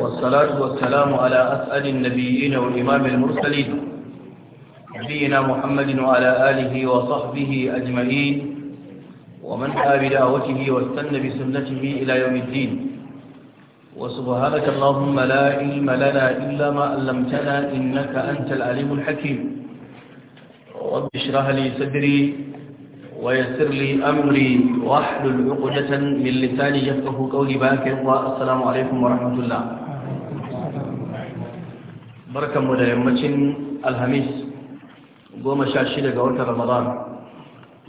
والصلاة والسلام على أسأل النبيين والإمام المرسلين نبينا محمد وعلى آله وصحبه أجمعين ومن حاب دعوته واستنى بسنته إلى يوم الدين وسبحانك اللهم لا علم لنا إلا ما علمتنا إنك أنت العليم الحكيم رب اشرح لي صدري ويسر لي أمري واحلل عقدة من لساني يفقه قولي باكر والسلام عليكم ورحمة الله بركة مديمة الهميس قوم شاشدة قولة رمضان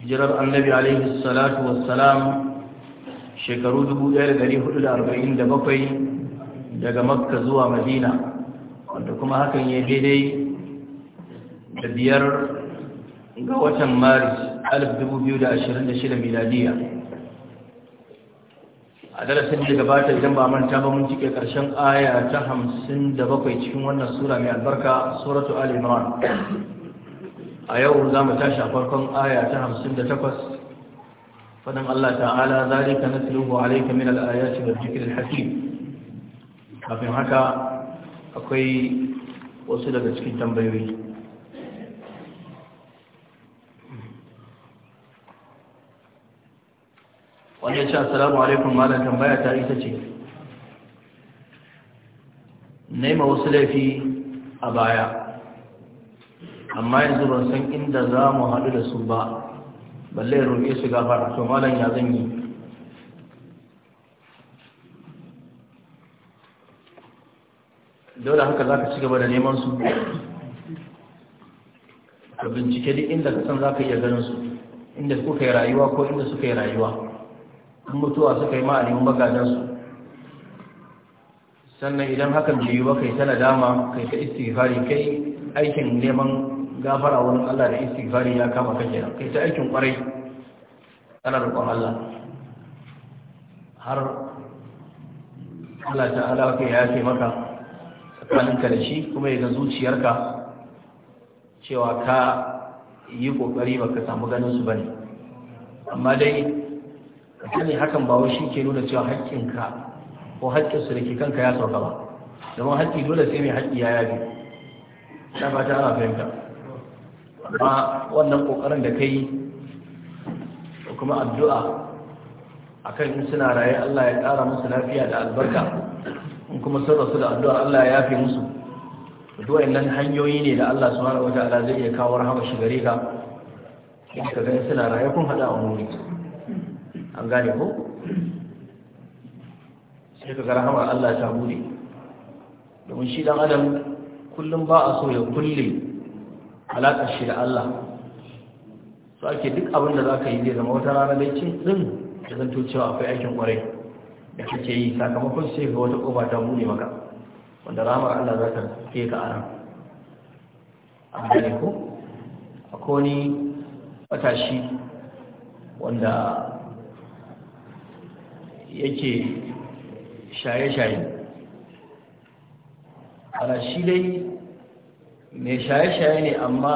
جرر النبي عليه الصلاة والسلام shekaru 1447 daga makka zuwa madina wanda kuma hakan ya daidai da biyar ga watan maris 2026 miladiya a darasin da gabata idan ba manta ba mun cike karshen aya ta bakwai cikin wannan sura mai albarka suratu al imran a yau za mu tashi a farkon aya ta 58 فدم الله تعالى ذلك نتلوه عليك من الآيات والذكر الحكيم kafin haka akwai wasu daga cikin tambayoyi wanda ya ce assalamu alaikum malam tambaya ta ita ce ma wasu laifi a baya amma yanzu ban san inda za mu haɗu da su ba balle roƙe su gafara to malam ya zan yi dole haka za ka ci gaba da neman su ka bincike duk inda ka san za ka iya ganin su inda kuka yi rayuwa ko inda suka yi rayuwa mutuwa suka yi ma'anin su. sannan idan hakan bai yi ba kai tana dama, kai ta istighfari kai aikin neman gafara wurin Allah da istighfari ya kama kake nan kai ta aikin kwarai ana roƙon Allah har Allah ta'ala kai ya ce maka tsakaninka da shi kuma ya zuciyarka cewa ka yi kokari baka samu ganin su ne. amma dai sani hakan ba wai shi ke nuna cewa haƙƙinka ko haƙƙinsu da ke kanka ya sauka ba domin haƙƙi dole sai mai haƙƙi ya yabe. na fata ana fahimta amma wannan ƙoƙarin da ka yi da kuma addu'a akan in suna raye Allah ya ƙara musu lafiya da albarka in kuma sun rasu da addu'a Allah ya yafe musu duk nan hanyoyi ne da Allah subhanahu wataala zai iya kawo rahama shi gare ka in ka gani suna raye kun hada a wuri an gane ko sai ka ga rahamar Allah ta bude domin shi dan adam kullum ba a so ya kulle alaƙar shi da Allah su ake duk abin da za ka yi zai zama wata rana da cin ɗin da to cewa akwai aikin ƙwarai da kake yi sakamakon sai ga wata ƙofa ta buɗe maka wanda ramar Allah za ta ke ka aran An gane ko akwai wani matashi wanda yake shaye-shaye ana shi dai mai shaye-shaye ne amma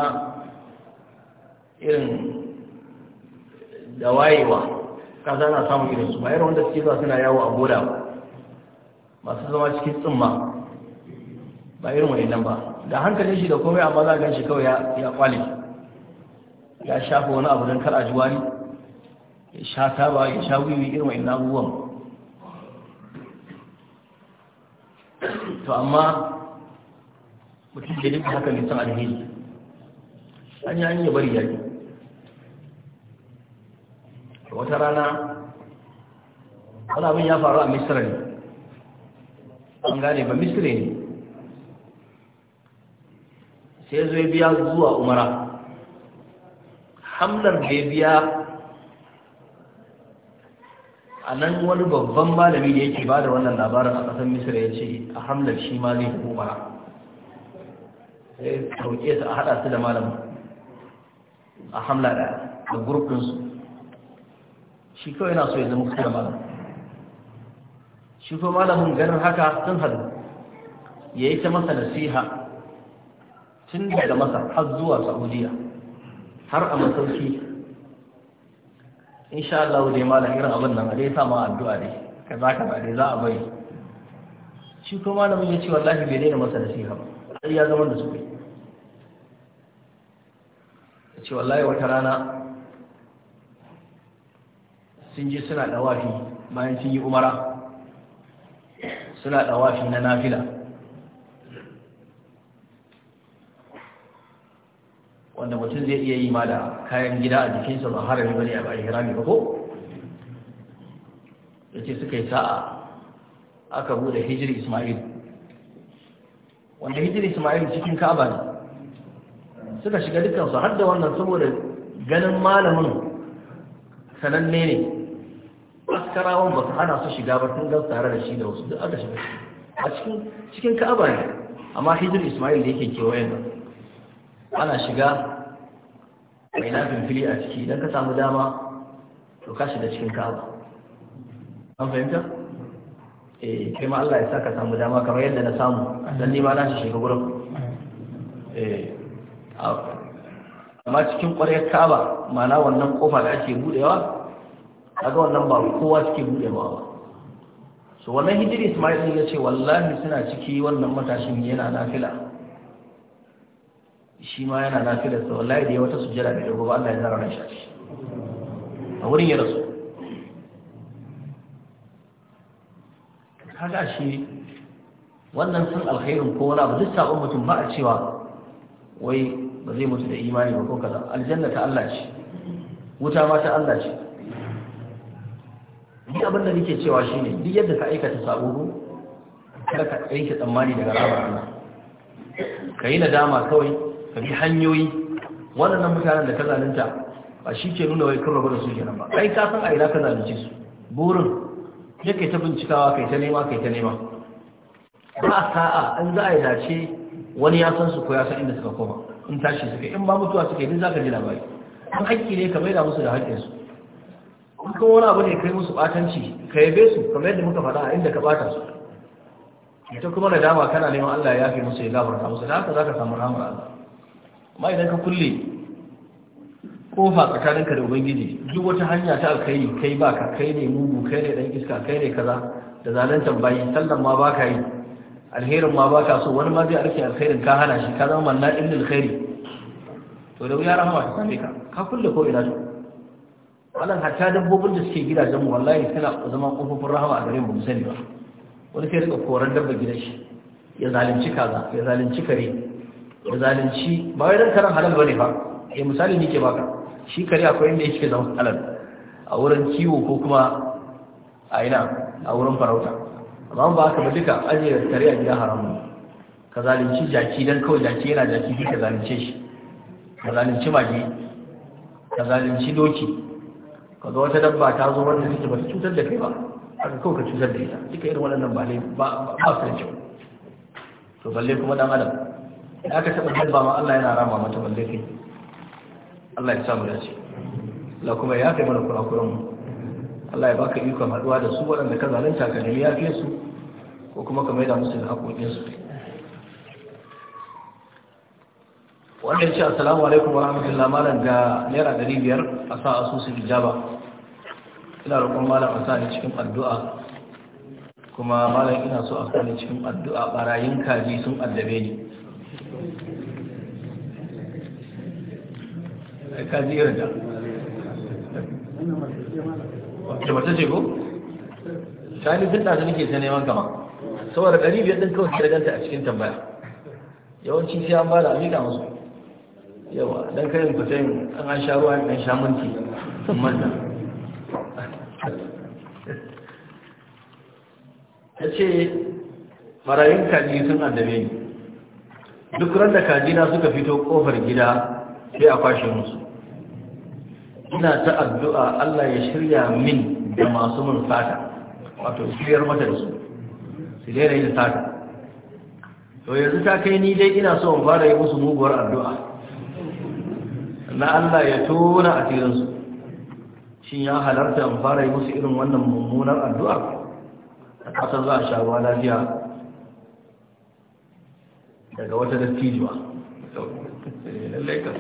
irin da wayewa kasa na samun irinsu ba irin wanda suke zuwa suna yawo a goda masu zama cikin tsimma ba irin wani nan ba da hankali shi da komai amma za a gan shi kawai ya kwale ya shafa wani abu don kar a juwani ya sha taba ya sha wiwi irin wani abubuwan to amma mutum da nika haka san alheri an yi an yi bari yaki To wata rana wani abin ya faru a misira ne an gane ba misira ne sai zai biya zuwa umara hamlar da ya biya a nan wani babban malami da yake ba da wannan labarin a ƙasar misira ya ce a hamlar shi ma zai gobara sai sauke su a haɗa su da malam a hamla da da gurfinsu shi kawai na so ya zama kusa da malam shi ko malamin ganin haka sun haɗu ya yi ta masa nasiha tun daga masa har zuwa saudiya har a masauki insha Allah dai malam irin abin nan dai sa ma addu'a dai kaza kaza dai za a bari shi ko malamin ya ce wallahi bai daina masa nasiha ba sai ya zama da su kai ya ce wallahi wata rana sun ji suna dawafi bayan sun yi umara suna dawafi na nafila wanda mutum zai iya yi ma da kayan gida a jikinsa ba harami bane a ba ihrami ba ko yace suka yi sa'a aka bude hijiri Ismail wanda hijiri Ismail cikin Ka'aba ne suka shiga dukkan su har da wannan saboda ganin malamin sananne ne askarawan ba su hana su shiga ba tun gan tare da shi da wasu duk aka shiga a cikin cikin Ka'aba ne amma hijiri Ismail da yake kewayen ana shiga Mai na fili a ciki idan ka samu dama to ka da cikin kaba. an fahimta eh kai ma Allah ya saka samu dama kamar yadda na samu dan ni ma na shiga gurin eh amma cikin ƙwarar kaba maana wannan kofa da ake buɗewa kaga wannan ba kowa suke buɗewa ba so wannan hijiri ismail ya ce wallahi suna ciki wannan matashin yana nafila shi ma yana lafiya da wallahi da ya wata sujjada da yau ba Allah ya zara rashin shi a wurin ya rasu kaga shi wannan sun alkhairin ko wani ba duk sabon mutum ba a cewa wai ba zai mutu da imani ba ko kaza aljanna ta Allah ce wuta ma ta Allah ce duk abin da nake cewa shine duk yadda ka aikata sabo kada ka yanke tsammani daga rabar Allah ka yi nadama kawai ka bi hanyoyi waɗannan mutanen da ka zalunta ba shi ke nuna wai kan rabu da su nan ba kai ka san a ina ka zalunce su burin ya kai ta bincikawa kai ta nema kai ta nema ba sa'a in za a yi dace wani ya san su ko ya san inda suka koma in tashi suka in ba mutuwa suka din za ka ji labari an haƙƙi ne ka maida musu da haƙƙinsu kuma wani abu ne kai musu ɓatanci ka yabe su kamar yadda muka faɗa a inda ka ɓata su ita kuma da dama kana neman Allah ya fi musu ya gafarta musu da haka za ka samu rahama Allah amma idan ka kulle kofa tsakaninka da ubangiji duk wata hanya ta alkhairi kai ba ka kai ne mugu kai ne dan iska kai ne kaza da zaluntan bayi sallan ma ba ka yi alherin ma ba ka so wani ma zai arke alkhairin ka hana shi ka zama manna ɗin khairi to da wuya rahama ta same ka ka kulle ko ina to wannan hatta dabbobin da suke gidajen mu wallahi suna zama kofofin rahama a gare mu sani ba wani sai rika koran dabba gidan shi ya zalunci kaza ya zalunci kare da zalunci ba wai dan karan halal bane ba eh misali nake baka shi kare akwai inda yake zama halal a wurin kiwo ko kuma a ina a wurin farauta amma ba haka ba duka aje kare a gida haramun ka zalunci jaki dan kawai jaki yana jaki duka zalunce shi ka zalunci mage ka zalunci doki ka zo wata dabba ta zo wanda take ba cutar da kai ba aka kawai ka cutar da ita duka irin waɗannan ba ne ba ba su da kyau to balle kuma dan adam in aka taɓa dabba ma Allah yana rama mata wanda kai Allah ya samu dace la kuma ya kai mana kurakuran mu Allah ya baka ikon haɗuwa da su waɗanda ka zalunta ka nemi yafe su ko kuma ka maida musu da haƙoƙin su wannan ce assalamu alaikum wa rahmatullahi malam ga naira ɗari biyar a sa asusun hijaba. ina roƙon malam a sa ni cikin addu'a kuma malam ina so a sa ni cikin addu'a barayin kaji sun addabe ni ka ji wata ce a cikin tambaya yawanci sai an musu yawa don kayan an an sha ruwa an sha minti manna ce marayun kaji sun addabe ni duk ran da kajina suka fito kofar gida sai a kwashe musu ina ta addu'a Allah ya shirya min da masu mun sata wato shiryar mata da su su daina yin sata to yanzu ta kai ni dai ina so in fara yi musu muguwar addu'a na Allah ya tona a tirinsu shin ya halarta in fara yi musu irin wannan mummunar addu'a a ƙasar za a sha ruwa lafiya daga wata dattijuwa eh, lallai ka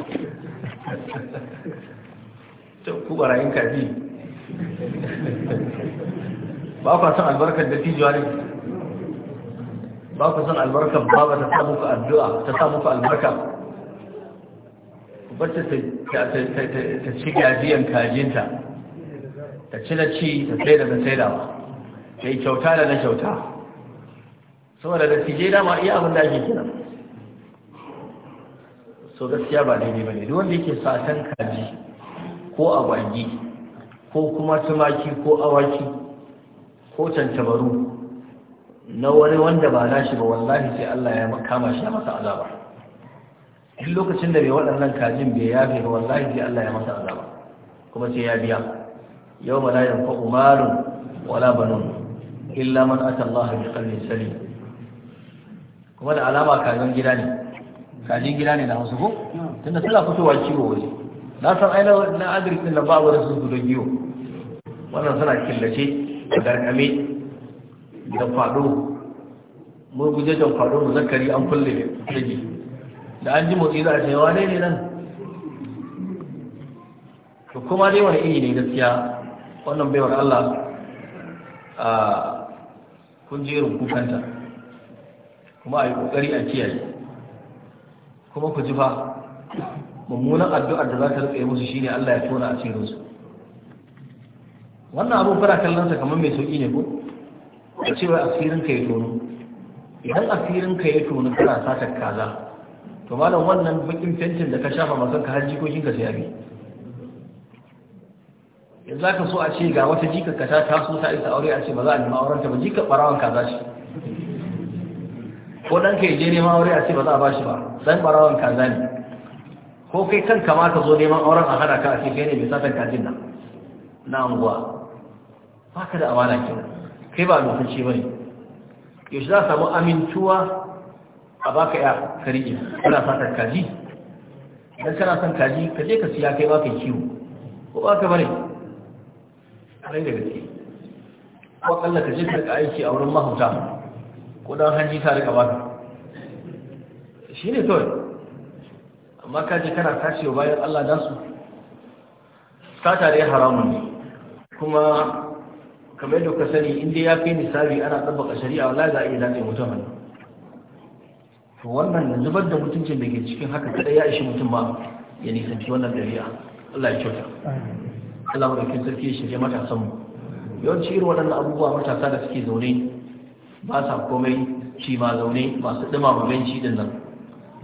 da ku barayin kaji ba ku san albarkar da tijuwa ne ba ku san albarkar baba ta samu ku addu'a ta samu ku albarka ku bacci ta ci gajiyan kajinta ta ci na ci ta sai da ta sai dawa ta yi kyauta da na kyauta saboda da tije dama iya abin da ake kira so gaskiya ba daidai ba ne duk wanda yake satan kaji ko agwagi ko kuma tumaki ko awaki ko tantabaru na wani wanda ba nashi ba wallahi sai Allah ya kama shi masa azaba duk lokacin da bai waɗannan kajin bai yafe ba wallahi sai Allah ya masa azaba kuma sai ya biya yau ba la yanfa umarun wala banun illa man ata Allah bi qalbin salim kuma da alama kajin gida ne kajin gida ne da Hausa ko tunda suna fitowa kiwo waje na san aina na adres din nan ba wani sun gudun biyu wannan suna killace da garkame da fado mun guje da fado mu zakari an kulle ji da an ji motsi za a cewa ne ne nan to kuma dai wani iri ne gaskiya wannan baiwar Allah a kun je kukanta kuma a yi kokari a kiyaye kuma ku ji fa mummunan addu'ar da za ta rufe musu shine Allah ya tona a cikin su wannan abun fara kallon sa kamar mai sauki ne ko ce cewa asirin ka ya tono idan asirin ka ya tono kana sata kaza to malam wannan bakin fentin da ka shafa masan ka har jikokin ka sai abi yanzu ka so a ce ga wata jikar ka ta taso ta isa aure a ce ba za a nemi auren ta ba jikar barawan kaza ce ko dan ka je neman aure a ce ba za a bashi ba dan barawan kaza ne ko kai kan kama ka zo neman auren a hada ka a cikin ne mai satan kajin nan na anguwa ba ka da amana ke kai ba lokaci ba ne yaushe za a samu amintuwa a baka ya karige Kuna satan kaji idan kana son kaji ka je ka siya kai ba ka kiwo ko ba ka bane a da gaske ko kalla ka je ka aiki a wurin mahauta ko dan hanji ta rika baka shi ne kawai amma ka je kana tashi bayan Allah dan su sata dai haramun ne kuma kamar yadda ka sani inda ya fi nisabi ana tabbaka shari'a wallahi za a iya dace mutum hannu to wannan zubar da mutuncin da ke cikin haka kada ya ishi mutum ba ya nisanci wannan dariya Allah ya kyauta Allah madaukin sarki ya shirya matasan mu yawanci irin waɗannan abubuwa matasa da suke zaune ba sa komai shi ma zaune masu ɗumama benci din nan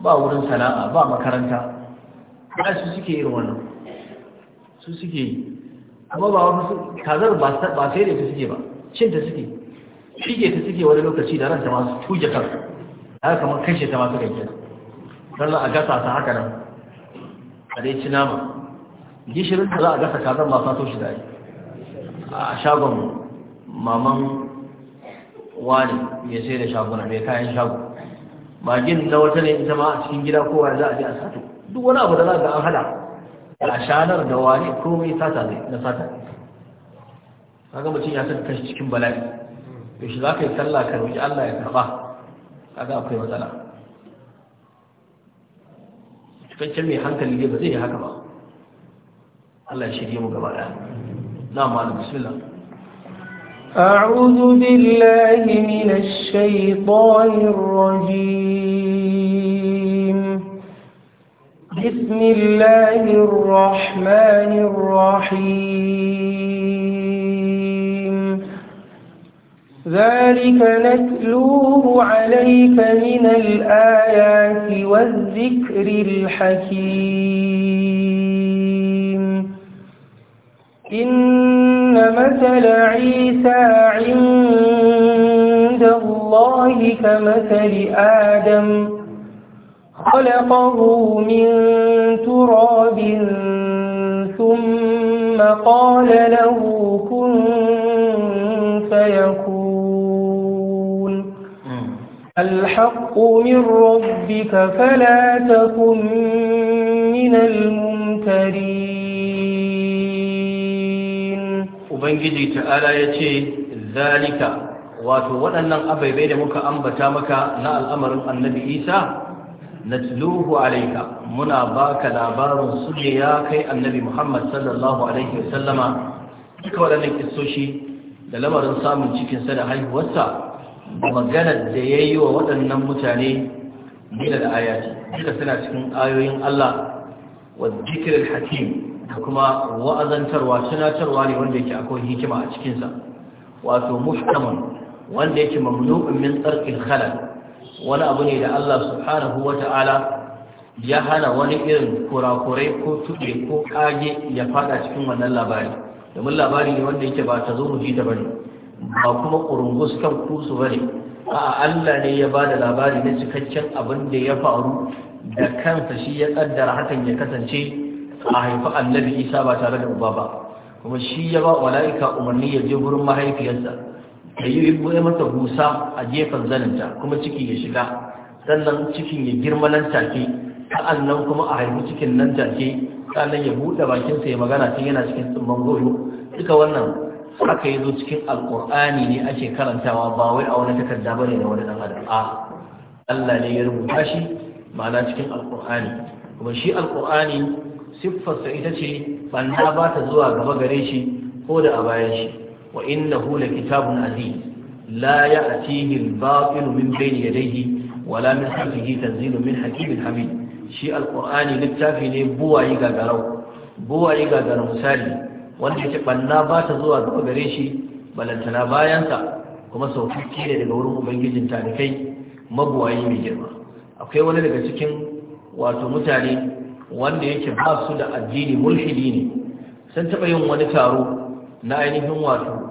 ba wurin sana'a ba makaranta ba su suke yin wannan su suke yi amma ba wani su kazar ba sai da su suke ba cin ta suke shige ta suke wani lokaci da ranta masu tuge kan ya kama kashe ta masu gajiya don a gasa ta haka nan a dai ci nama gishirin ta za a gasa kazar ba fato shi da yi a shagon maman wani ya sai da shagon mai kayan shagon. magin na wata ne ita ma a cikin gida wani za a je a sato duk wani abu da za ga an hada a shanar da wani komai sata ne na sata kaga mutum ya saka kashi cikin bala'i to shi za ka yi sallah ka roƙi Allah ya karba kaga akwai matsala cikakken mai hankali ne ba zai yi haka ba Allah ya shirye mu gaba ɗaya na malam bismillah أعوذ بالله من الشيطان الرجيم بسم الله الرحمن الرحيم ذلك نتلوه عليك من الآيات والذكر الحكيم مثل عيسى عند الله كمثل آدم خلقه من تراب ثم قال له كن فيكون الحق من ربك فلا تكن من الممترين ubangiji ta'ala ya ce zalika wato waɗannan abaibai da muka ambata maka na al'amarin annabi isa na tiluhu alaika muna baka labarin su ne ya kai annabi muhammad sallallahu alaihi wasallama duka waɗannan kistoshi da lamarin samun cikinsa da haihuwarsa maganar da ya yi wa waɗannan mutane nila da ayati duka suna cikin ayoyin allah wa zikirar hakim da kuma wa'azantarwa tunatarwa ne wanda yake akwai hikima a cikinsa wato muhkaman wanda yake mamnu'un min tsarkin khalal wani abu ne da Allah subhanahu wata'ala ya hana wani irin kurakurai ko tuɗe ko kage ya fada cikin wannan labari domin labari ne wanda yake ba ta zo mu ji ta bane ba kuma kurungus kan kusu bane a'a Allah ne ya ba da labari na cikakken abin da ya faru da kansa shi ya kaddara hakan ya kasance a haifi annabi isa ba tare da uba ba kuma shi ya ba wala'ika umarni ya je gurin mahaifiyarsa Ka yi ya mata gusa a gefen zaninta kuma ciki ya shiga sannan cikin ya girma nan take sa'an nan kuma a haifi cikin nan take sannan ya buɗe bakinsa ya magana tun yana cikin tsumman goyo duka wannan haka ya zo cikin alƙur'ani ne ake karantawa ba wai a wani takarda ba ne da wani ɗan adam a Allah ne ya rubuta shi ma'ana cikin alƙur'ani kuma shi alƙur'ani siffarsa ita ce banna ba ta zuwa gaba gare shi ko da a bayan shi wa innahu kitabun aziz la ya'tihi al-batil min bayni yadayhi wala min khalfihi tanzilu min hakimin hamid shi alqur'ani littafi ne buwayi gagarau buwayi gagarau misali wanda ce banna ba ta zuwa gaba gare shi balantana bayansa kuma sauƙaƙe ne daga wurin ubangijin talikai mabuwayi mai girma akwai wani daga cikin wato mutane wanda yake ba su da addini mulhidi ne sun taɓa yin wani taro na ainihin wato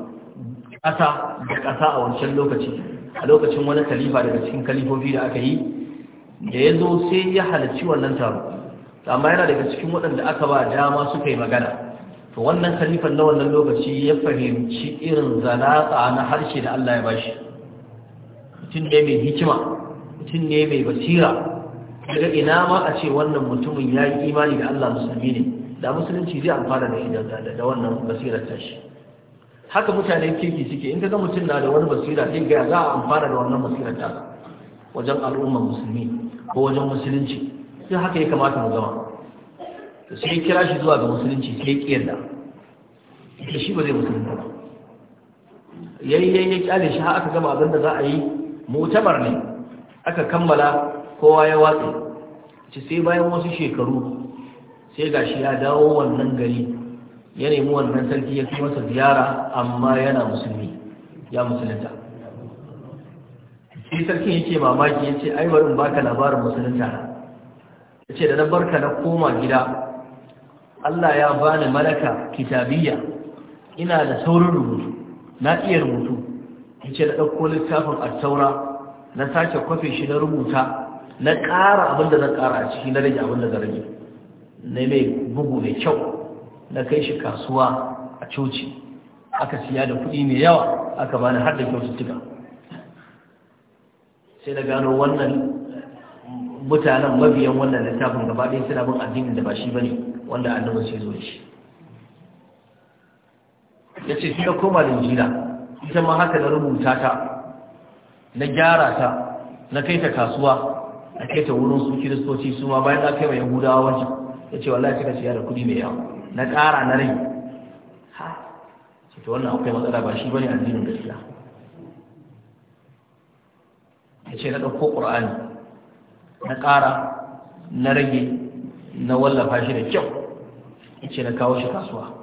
ƙasa da ƙasa a wancan lokaci a lokacin wani kalifa daga cikin kalifofi da aka yi da ya zo sai ya halarci wannan taro amma yana daga cikin waɗanda aka ba dama suka yi magana to wannan kalifan na wannan lokaci ya fahimci irin zanatsa na harshe da Allah ya bashi mutum ne mai hikima mutum ne mai basira daga ina ma a ce wannan mutumin ya yi imani da Allah musulmi ne da musulunci zai amfana da shi da wannan basirar tashi haka mutane kirki suke in ka ga mutum na da wani basira zai ga za a amfana da wannan basirar ta wajen al'ummar musulmi ko wajen musulunci sai haka ya kamata mu gama to sai kira shi zuwa ga musulunci sai kiyar da shi ba zai musulunta ba yayi yayi ya kyale shi har aka gama abin da za a yi mutabar ne aka kammala kowa ya watsa ce sai bayan wasu shekaru sai gashi ya dawo wannan gari ya nemi wannan sarki ya fi masa ziyara amma yana musulmi ya musulunta sai sarkin yake mamaki ya ce ai barin baka labarin musulunta ya ce da na barka na koma gida Allah ya bani malaka kitabiyya ina da saurin rubutu na iya rubutu ya ce da ɗauko littafin a saura na sake kwafe shi na rubuta na ƙara abin da zan ƙara a ciki na rage abin da zan rage na mai bugu mai kyau na kai shi kasuwa a coci aka siya da kuɗi mai yawa aka ba bani har da kyaututtuka sai na gano wannan mutanen mabiyan wannan littafin gaba ɗaya suna bin addinin da ba shi ba ne wanda annabi sai zo shi ya ce sai koma da jina ita ma haka na rubuta ta na gyara ta na kai ta kasuwa a kai ta wurin su kiristoci su ma bayan aka yi wa yahudawa waje. ya ce wallahi kika siya da kudi mai yawa na ƙara na rai ha ce ta wannan akwai matsala ba shi bane addinin gaskiya ya ce na ɗauko ƙur'ani na ƙara na rage na wallafa shi da kyau ya ce na kawo shi kasuwa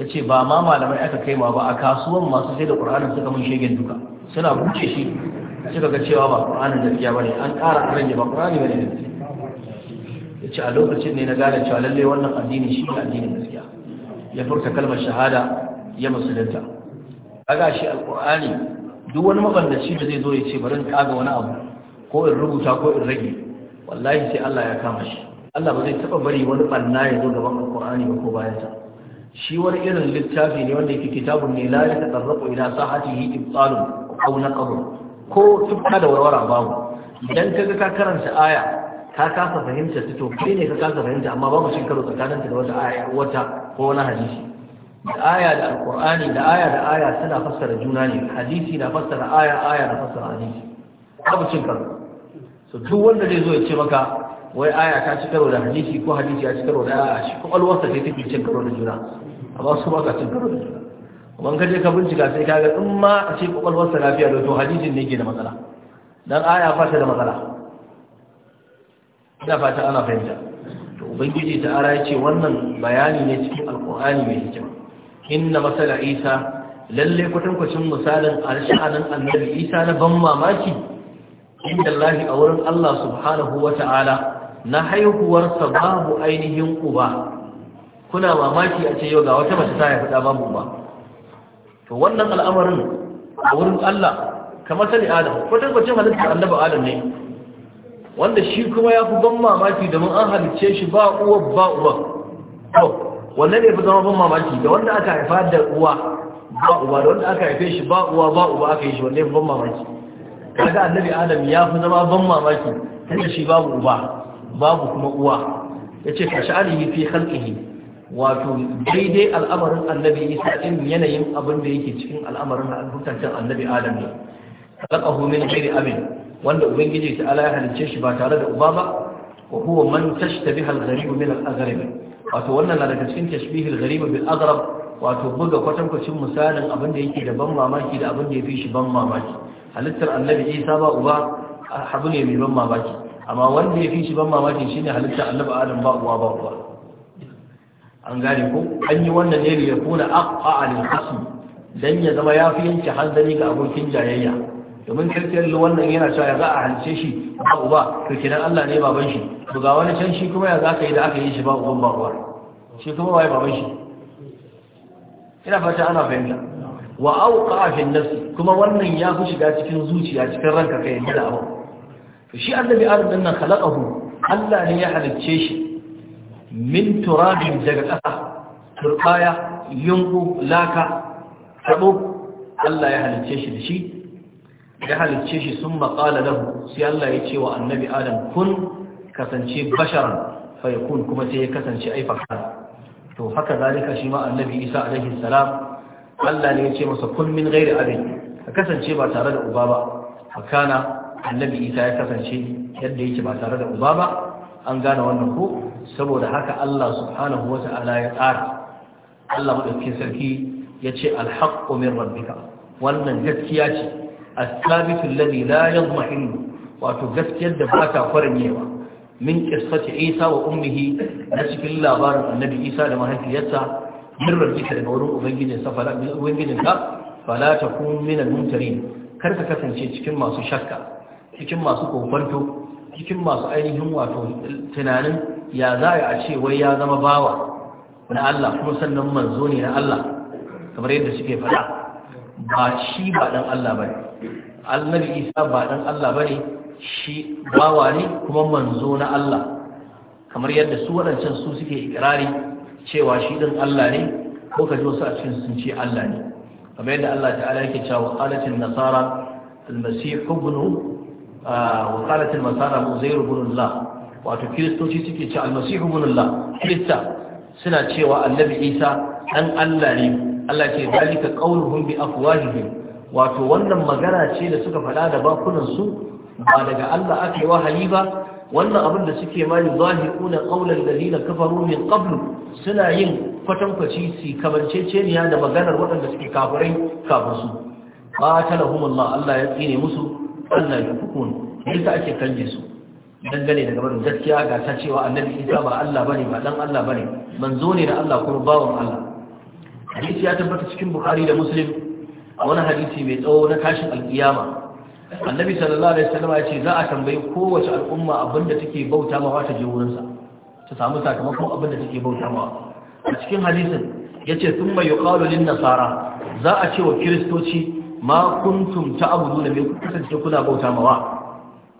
ya ce ba ma malamai aka kai ma ba a kasuwan masu sai da ƙur'anin suka mun shegen duka suna buce shi suka ga cewa ba ƙur'anin gaskiya bane an ƙara rage ba ƙur'ani bane ne. ya ce a lokacin ne na gane cewa lallai wannan addini shi ne addinin gaskiya ya furta kalmar shahada ya musulunta ga shi alƙur'ani duk wani mabandaci da zai zo ya ce bari in kaga wani abu ko in rubuta ko in rage wallahi sai Allah ya kama shi Allah ba zai taɓa bari wani ɓanna ya zo gaban alƙur'ani ba ko bayansa shi wani irin littafi ne wanda yake kitabun ne la ya taƙarrafa ila sahatihi ibtalun na naqabun ko tukka da warwara babu idan kaga ka karanta aya ka kasa fahimta ta to kai ne ka kasa fahimta amma babu cin karo tsakaninta da wata aya wata ko wani hadisi da aya da alqur'ani da aya da aya suna fassara juna ne hadisi na fassara aya aya na fassara hadisi babu cin karo so duk wanda zai zo ya ce maka wai aya ta ci karo da hadisi ko hadisi ya ci karo da aya shi ko alwasa ce take cin karo da juna amma su ba ka cin karo da juna kuma ka je ka bincika sai ka ga in ma a ce kwakwalwarsa lafiya da to hadisin ne ke da matsala dan aya fata da matsala ina fata ana fahimta to ubangiji ta ara ya ce wannan bayani ne cikin alkur'ani mai hikima inna masala isa lalle kwacin misalin alsha'anin annabi isa na ban mamaki inda lahi a wurin allah subhanahu wa ta'ala na haihuwarsa babu ainihin uba kuna mamaki a ce yau ga wata mace ta haifi ɗa babu ba to wannan al'amarin a wurin Allah kamar sani adam kwatan kwacin halittar annabi adam ne wanda shi kuma ya fi ban mamaki domin an halicce shi ba uwa ba uwa. uba wannan ne fi zama ban mamaki da wanda aka haifa da uwa ba uwa, da wanda aka haife shi ba uwa ba uwa aka yi shi wanda ya fi ban mamaki kaga annabi adam ya fi zama ban mamaki tunda shi babu uba babu kuma uwa ya ce ka sha'ani fi halƙihi wato daidai al'amarin annabi isa in yanayin abin da yake cikin al'amarin na hutaccen annabi adam ne talaqahu min ghairi amin wanda ubangiji ta ala ya halicce shi ba tare da uba ba wa huwa man tashtabiha al-gharib min al-aghrib wato wannan na daga cikin tashbihil gharib bil aghrab wato buga kwatankwacin misalin abin da yake da ban mamaki da abin da ya fi shi ban mamaki halittar annabi isa ba uba abu ne mai ban mamaki amma wanda ya fi shi ban mamaki shine halittar annabi adam ba uwa ba uwa. an gane ko an yi wannan ne ya kuna aqfa al hasm dan ya zama yafi yanke hanzari ga abokin jayayya domin kirkiyar wannan yana cewa ya za a halce shi ba uba to kenan Allah ne baban shi to ga wani can shi kuma ya za ka yi da aka yi shi ba uban ba uwar shi kuma waye baban shi ina fata ana fahimta wa auqa fi nafsi kuma wannan ya fi shiga cikin zuciya cikin ranka kai da abu to shi annabi adam din khalaqahu Allah ne ya halicce shi min turabin daga ƙasa turbaya yunku laka tabo Allah ya halicce shi da shi ya halicce shi sun maƙala lahu sai Allah ya ce wa annabi adam kun kasance basharan fayakun kuma sai ya kasance aifaka to haka zalika shi ma annabi isa alaihi salam Allah ne ya ce masa kun min gairi abin ka kasance ba tare da uba ba hakana annabi isa ya kasance yadda yake ba tare da uba ba an gane wannan ko saboda haka Allah subhanahu ta'ala ya tsara Allah madaukakin sarki ce alhaqqu min rabbika wannan gaskiya ce as-sabitu alladhi la wato gaskiyar da ba ta farmewa min qissati Isa wa ummihi na cikin labarin Annabi Isa da mahaifiyarsa min rabbika daga wurin ubangijin sa fala ubangijin ka fala kar ka kasance cikin masu shakka cikin masu kokonto cikin masu ainihin wato tunanin ya za a ce wai ya zama bawa na Allah kuma sannan manzo ne na Allah kamar yadda suke faɗa ba shi ba dan Allah bane annabi Isa ba dan Allah bane shi bawa ne kuma manzo na Allah kamar yadda su wadancan su suke ikirari cewa shi dan Allah ne ko ka wasu a cikin sun ce Allah ne kamar yadda Allah ta'ala yake cewa qalatin nasara al-masih ibn wa qalatin nasara uzair ibn Allah wato kiristoci suke ce almasihu ibn Allah suna cewa annabi Isa ɗan Allah ne Allah ce zalika qauluhum bi afwahihim wato wannan magana ce da suka faɗa da bakunan su ba daga Allah aka yi wahayi ba wannan abin da suke ma zahiruna qawlan ladina kafaru min qablu suna yin kwatankwaci su kamanceceniya da maganar waɗanda suke kafirai kafin su qatalahum Allah Allah ya tsine musu Allah hukun yasa ake kanje su dangane da gaban gaskiya ga ta cewa annabi isa ba Allah bane ba dan Allah bane manzo ne na Allah kuma bawan Allah hadisi ya tabbata cikin bukhari da muslim a wani hadisi mai tsawo na tashin alkiyama annabi sallallahu alaihi wasallam ya ce za a tambayi kowace al'umma abinda take bauta ma wata je wurin sa ta samu sakamakon abinda take bauta ma a cikin hadisin yace thumma yuqalu lin nasara za a ce wa kristoci ma kuntum ta'buduna min kasance kuna bauta mawa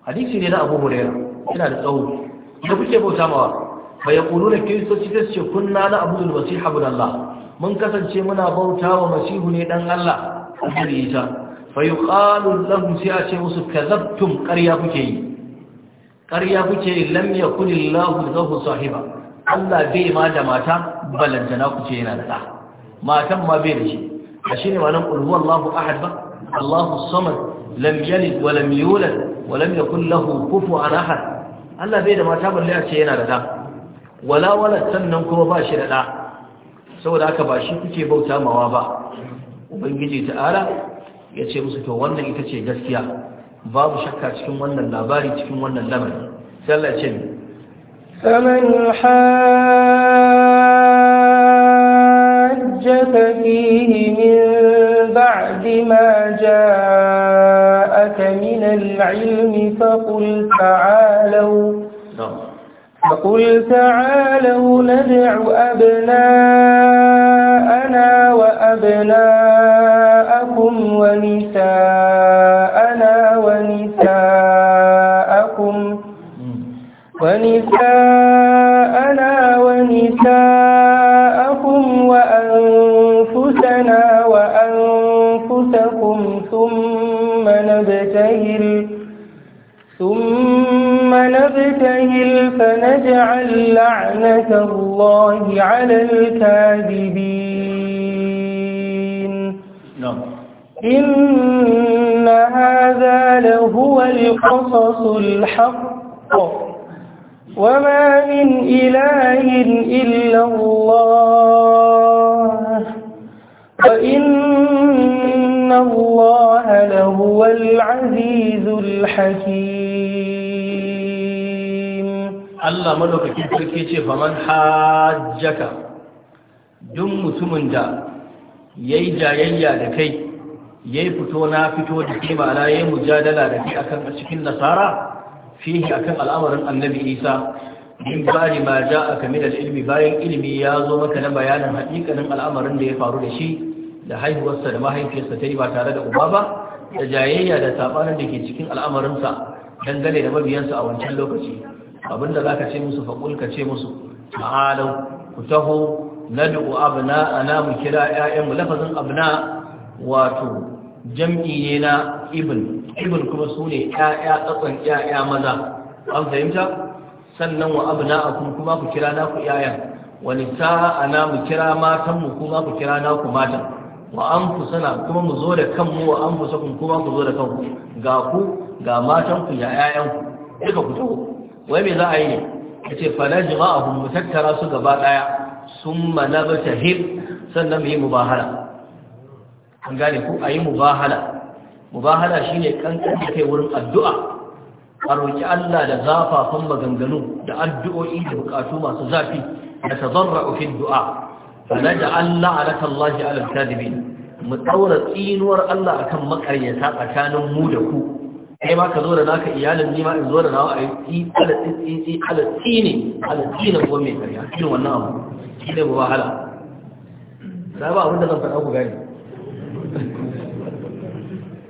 hadisi ne na abu huraira yana da tsawo da kuke bauta mawa fa yaqulu da kiristoci ta ce kunna na abu al-masih ibn Allah mun kasance muna bauta wa masihu ne dan Allah annabi Isa fa yuqalu lahum sai a ce musu kazabtum karya kuke yi Karya kuke yi lam yakul Allah zahu sahiba Allah bai ma da mata balantana kuce yana da matan ma bai da shi a shine ma nan qul ahad ba Allahu samad lam yalid wa lam yulad wa lam yakul lahu kufuwan ahad Allah bai da mata balle a ce yana da da wala wala sannan kuma ba shi da da saboda haka ba shi kuke bauta mawa ba ubangiji ta'ala ya ce musu to wannan ita ce gaskiya babu shakka cikin wannan labari cikin wannan lamarin sai Allah ya ce فمن جاءك فيه من بعد ما جاءك من العلم فقل تعالوا نعم. فقل تعالوا ندع أبناءنا وأبناءكم ونساءنا ونساءكم تهل فنجعل لعنة الله على الكاذبين نعم إن هذا لهو القصص الحق وما من إله إلا الله فإن الله لهو العزيز الحكيم Allah madaukakin sarki ce faman hajjaka duk mutumin da yayi jayayya da kai yayi fito na fito da kai ma'ana yi mujadala da kai akan cikin nasara fihi akan al'amarin annabi Isa min bari ma a min al ilimi, bayan ilimi ya zo maka na bayanin haɗiƙanin al'amarin da ya faru da shi da haihuwarsa da mahaifiyarsa ta yi ba tare da uba ba da jayayya da sabanin da ke cikin al'amarinsa dangane da mabiyansa a wancan lokaci Abin da za ka ce musu faƙul ka ce musu ta'alau ku taho na nad'u abna'ana mu kira ƴaƴanmu lafazin abna wato jam'i ne na ibn ibn kuma su ne ƴaƴa tsatsan ƴaƴa maza an fahimta sannan wa a kuma ku kira na naku ƴaƴan wa nisa'ana mu kira matanmu kuma ku kira na ku matan wa sana kuma mu zo da kanmu wa anfusakum kuma ku zo da kanku ga ku ga ku ya ku. duka ku taho wai me za a yi ne ya ce fana jima'ahu mu tattara su gaba ɗaya sun manaba ta hib sannan mu yi mubahala an gane ku a yi mubahala mubahala shi ne kankan kai wurin addu'a a roƙi Allah da zafafan maganganu da addu'o'i da buƙatu masu zafi da ta zarra ofin du'a fana da Allah a raka Allah shi mu ɗaura tsinuwar Allah akan makaryata tsakanin mu da ku kai ma ka zo da naka iyalin nima in zo da nawa a yi alatsitsi alatsi ne alatsi ne kuma mai karya shi wannan abu shi ne hala. sai ba abin da zan faɗa ku gani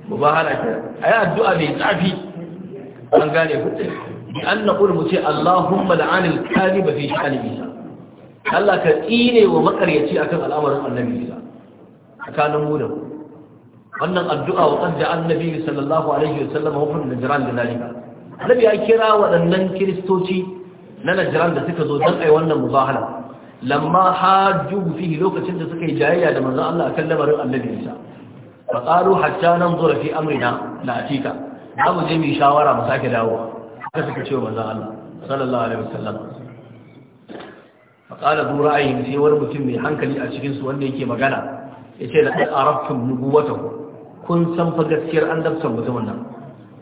ku ba hala ke a yi addu'a mai tsafi an gane ku bi an na ƙulmu ce Allahumma la'anil kari ba fi sha'ani bisa Allah ka tsine wa makaryaci akan al'amarin annabi bisa tsakanin mu da ku wannan addu'a wa qad annabi sallallahu alaihi wasallam hukun najran da dalika annabi ya kira waɗannan kiristoci na najran da suka zo dan ai wannan mubahala lamma hajju fi lokacin da suka yi jayayya da manzon Allah akan lamarin annabi Isa fa qalu hatta nanzura fi amrina la atika za mu je mi shawara mu sake dawo haka suka ce wa manzon Allah sallallahu alaihi wasallam fa qala du ra'ayin sai wani mutum mai hankali a cikin su wanda yake magana yace la arabtum nubuwatahu kun san fa gaskiyar annabtan mutumin nan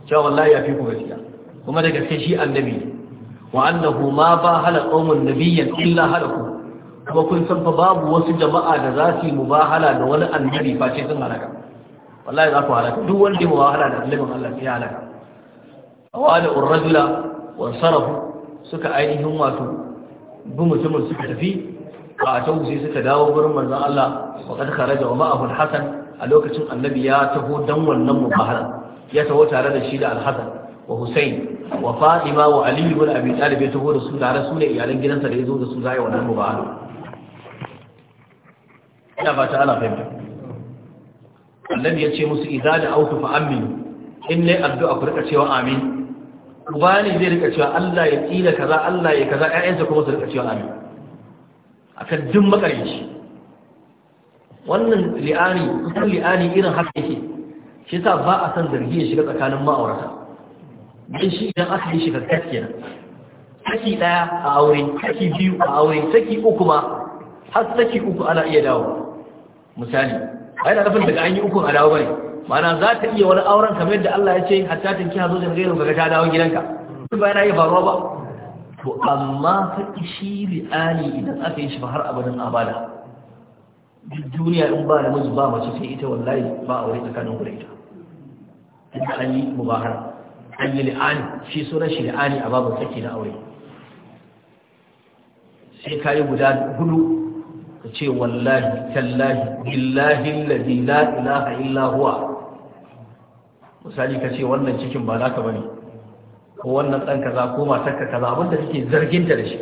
cewa wallahi ya fi ku gaskiya kuma da gaske shi annabi ne wa annahu ma ba hala qaumun nabiyyan illa halaku kuma kun san fa babu wasu jama'a da za su yi mubahala da wani annabi ba ce sun halaka wallahi za ku halaka duk wanda ya mubahala da annabin Allah sai halaka awala urrajula wa sarafu suka ainihin wato bi mutumin suka tafi ba a tausi suka dawo gurin manzon Allah wa kad kharaja wa ma'ahu al-hasan a lokacin annabi ya taho dan wannan mubahara ya taho tare da shi da alhassan wa husain wa fatima wa ali ibn abi talib ya taho da su da su ne iyalan gidansa da ya zo da su zai wannan mubahara ina ba ta ana fahimta annabi ya ce musu idza da autu fa amin in ne addu'a ku rika cewa amin ubani zai rika cewa Allah ya tsira kaza Allah ya kaza ƴaƴansa kuma su rika cewa amin akan duk makaryaci wannan li'ani kusan li'ani irin haka yake shi sa ba a san zargi ya shiga tsakanin ma'aurata don shi idan aka yi shiga gaskiya saki ɗaya a aure saki biyu a aure saki uku ma har saki uku ana iya dawo misali a yana nufin daga an yi ukun a dawo bane mana za ta iya wani auren kamar yadda Allah ya ce hatta ta ki hazo da gairin ga ta dawo gidanka duk ba ya iya faruwa ba to amma fa shi li'ani idan aka yi shi ba har abadan abada duniya in ba namiji ba mace sai ita wallahi ba aure tsakanin ku da ita inda an yi mubahar an yi li'ani shi sunan shi li'ani a babin tsaki na aure sai ka yi guda hudu ka ce wallahi tallahi billahi ladhi la ilaha illa huwa misali ka ce wannan cikin ba naka bane ko wannan ɗan kaza ko matarka kaza abin da kake zarginta da shi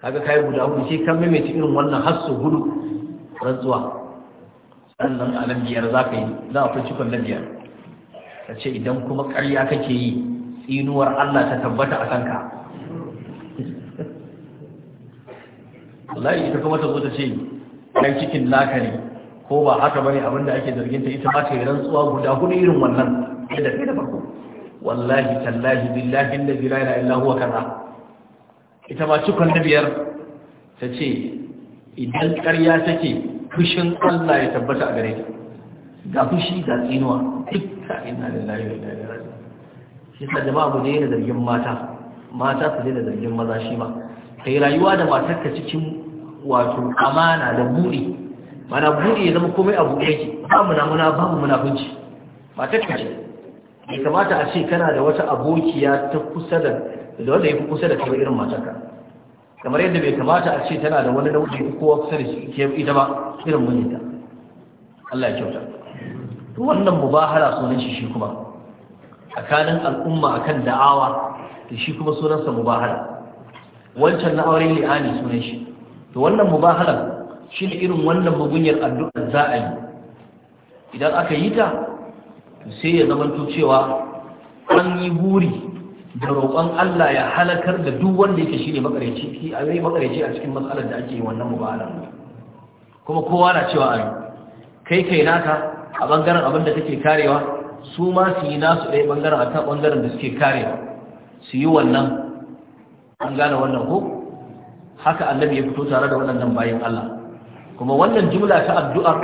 kaga kai guda hudu sai kan maimaita irin wannan hasso hudu rantsuwa sannan a nan biyar za ka yi za a fi cikon na biyar ta ce idan kuma ƙarya kake yi tsinuwar Allah ta tabbata a kanka wallahi ita kuma ta zo ta ce kai cikin naka ne ko ba haka bane abin da ake zargin ta ita ma ta yi rantsuwa guda hudu irin wannan yadda kai da farko wallahi tallahi billahi inda la ilaha illa huwa kaza ita ma cikon na biyar ta ce idan ƙarya take fushin Allah ya tabbata a gare ta ga fushi ga tsinuwa dukka inna lillahi wa inna ilaihi raji'un shi sa jama'a mu daina zargin mata mata su daina zargin maza shi ma kai rayuwa da matarka cikin wato amana da buri mana buri ya zama komai abu yake ba mu namuna ba mu munafunci matarka ce ya kamata a ce kana da wata abokiya ta kusa da da wanda ya fi kusa da kamar irin matarka kamar yadda bai kamata a ce tana da wani nau'i ko kusa da shi ke ita ba irin mijinta Allah ya kyauta to wannan mubahara sunan shi shi kuma tsakanin al'umma akan da'awa da shi kuma sunansa mubahara wancan na auren li'ani sunan shi to wannan mubahara shi ne irin wannan mugunyar addu'ar za a yi idan aka yi ta sai ya zamanto cewa an yi buri da roƙon Allah ya halakar da duk wanda yake shine makareci a makareci a cikin matsalar da ake yi wannan mubalan kuma kowa na cewa ayo kai kai naka a bangaren abin da take karewa su ma su yi nasu ɗaya bangaren akan bangaren da suke karewa su yi wannan an gane wannan ko haka annabi ya fito tare da waɗannan bayan Allah kuma wannan jumla ta addu'ar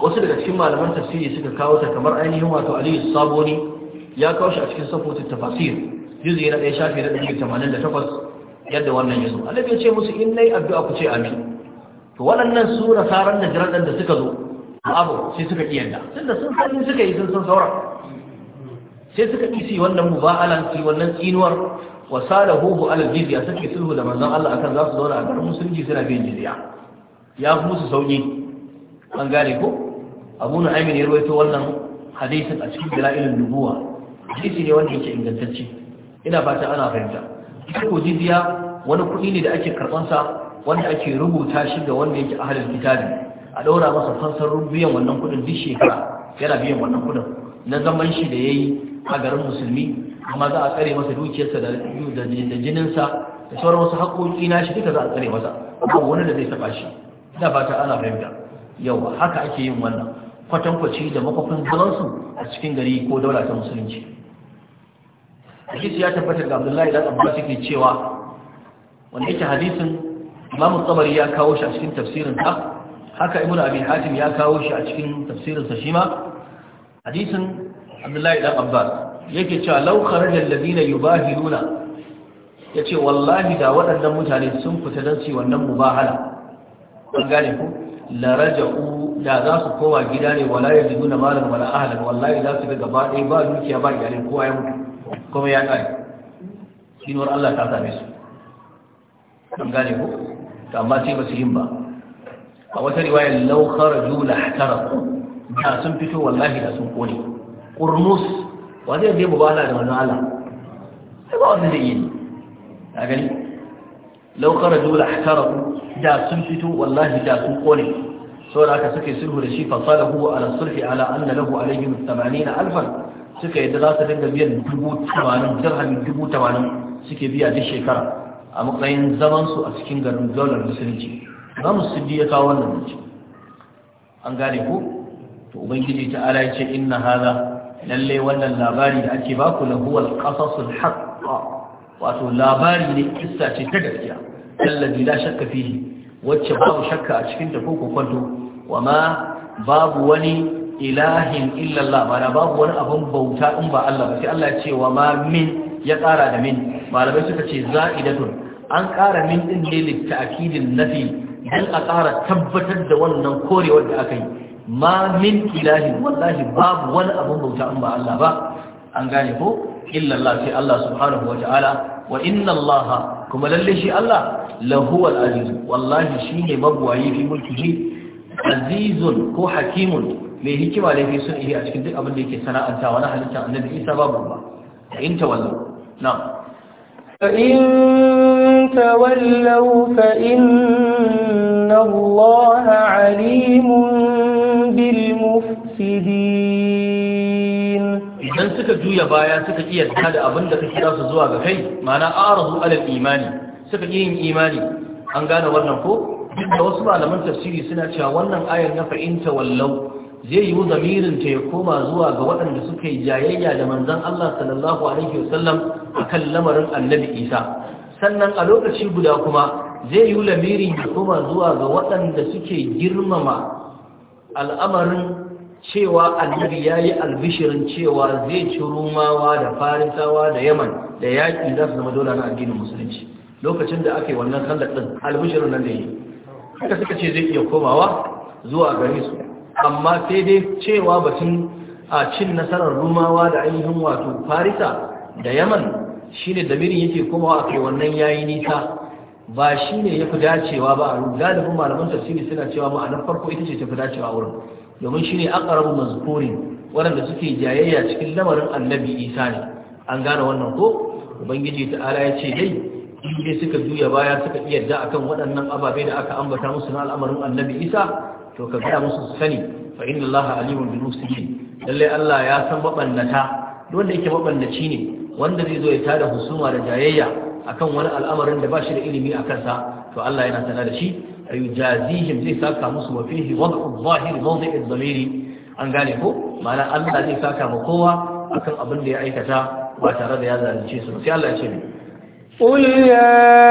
wasu daga cikin malaman tafsiri suka kawo ta kamar ainihin wato Aliyu Saboni ya kawo shi a cikin safofin tafasir juzi na ɗaya shafi na ɗari tamanin da takwas yadda wannan ya zo annabi ya ce musu in nayi addu'a ku ce amin to waɗannan su nasaran da jiran da suka zo abu sai suka iya da tunda sun san suka yi sun san sauran sai suka isi wannan mu muba'alan su wannan tsinuwar wa salahuhu ala jizya suke sulhu da manzon Allah akan za su zauna a garin musulunci suna bin jizya ya fi musu sauki an gane ko abu na aimin ya rawaito wannan hadisin a cikin dalilin dubuwa. hadisi ne wanda yake ingantacce ina fata ana fahimta ita jizya wani kuɗi ne da ake karɓansa wanda ake rubuta shi ga wanda yake ahalin kitabi a ɗaura masa fansar biyan wannan kuɗin duk shekara yana biyan wannan kuɗin na zaman shi da ya yi a garin musulmi amma za a tsare masa dukiyarsa da jininsa da sauran wasu haƙoƙi na shi duka za a tsare masa ba wani da zai taɓa shi ina fata ana fahimta yau haka ake yin wannan kwatankwaci da makwafin su a cikin gari ko daula ta musulunci hadisi ya tabbatar da Abdullahi dan Abbas yake cewa wanda yake hadisin Imam Tabari ya kawo shi a cikin tafsirin sa haka Ibn Abi Hatim ya kawo shi a cikin tafsirin sa shi ma hadisin Abdullahi dan Abbas yake cewa law kharaja alladhina yubahiluna yace wallahi da waɗannan mutane sun fita dan su wannan mubahala an gane ku la raja'u da za su kowa gida ne wala yajiduna malan wala ahlan wallahi za su ga gaba ɗaya ba dukiya ba iyalin kowa ya mutu kuma ya ƙare inuwar Allah ta same su an gane ko to amma sai basu su yin ba a wata riwayar laukar jula hatara da sun fito wallahi da sun kone Kurnus. wa zai zai bubala da wani Allah sai ba wanda zai yi a gani laukar jula hatara da sun fito wallahi da sun kone saboda aka suke sulhu da shi fasalahu ala sulhi ala anna lahu alaihim 80 alfan suka yadda za su dinga biyan dubu tamanin dirhamin dubu tamanin suke biya duk shekara a matsayin zamansu a cikin garin daular musulunci na musulunci ya kawo wannan mace an gane ku? to ubangiji ta ala ya ce inna haza lalle wannan labari da ake baku lahu al qasasul haqq wato labari ne kissa ce ta gaskiya allazi la shakka fihi wacce babu shakka a cikin ta ko kwanto wa ma babu wani ilahin illallah mana babu wani abin bauta in ba Allah ba sai Allah ya ce wa ma min ya ƙara da min malamai suka ce za'idatun an ƙara min din ne litta'kidin nafi dan a ƙara tabbatar da wannan korewar da aka yi ma min ilahin wallahi babu wani abin bauta in ba Allah ba an gane ko illallah sai Allah subhanahu wa ta'ala wa inna Allah kuma lalle shi Allah lahuwal aziz wallahi shine magwayi fi mulkihi azizun ko hakimun mai hikima da yake sun yi a cikin duk abin da yake sana'anta wani halittar annabi isa babu ba in tawallau na in tawallau ka inna allaha alimun bil mufsidin idan suka juya baya suka iya da abin da ka kira su zuwa ga kai ma'ana arahu alal imani suka yin imani an gane wannan ko duk da wasu malaman tafsiri suna cewa wannan ayar na wallau zai yi zamirin ta ya koma zuwa ga waɗanda suka yi jayayya da manzan Allah sallallahu alaihi wasallam kan lamarin annabi Isa sannan a lokaci guda kuma zai yi lamirin ya koma zuwa ga waɗanda suke girmama al'amarin cewa annabi ya yi albishirin cewa zai ci rumawa da farisawa da yaman da yaƙi za su zama dole na addinin musulunci lokacin da aka yi wannan kallon ɗin albishirin nan da yi haka suka ce zai iya komawa zuwa gari su amma sai dai cewa batun a cin nasarar rumawa da ainihin wato farisa da yaman shi ne damirin yake komawa a kai wannan yayi nisa ba shi ne ya fi dacewa ba a galibin malaman tafsiri suna cewa ma'anar farko ita ce ta fi dacewa wurin domin shi ne akarabu mazkurin waɗanda suke jayayya cikin lamarin annabi isa ne an gane wannan ko ubangiji ta'ala ya ce dai dai suka juya baya suka iya da akan waɗannan ababe da aka ambata musu na al'amarin annabi isa to ka gaya musu su sani fa inna allaha alimun bil mufsidin lalle Allah ya san mabannata wanda yake mabannaci ne wanda zai zo ya tada husuma da jayayya akan wani al'amarin da ba shi da ilimi a kansa to Allah yana sana da shi ayu jazihim zai saka musu wa fihi wad'u zahir mawdi'i dhamiri an gane ko ma'ana Allah zai saka ma kowa akan abin da ya aikata ba tare da ya zalunce su sai Allah ya ce ne قل يا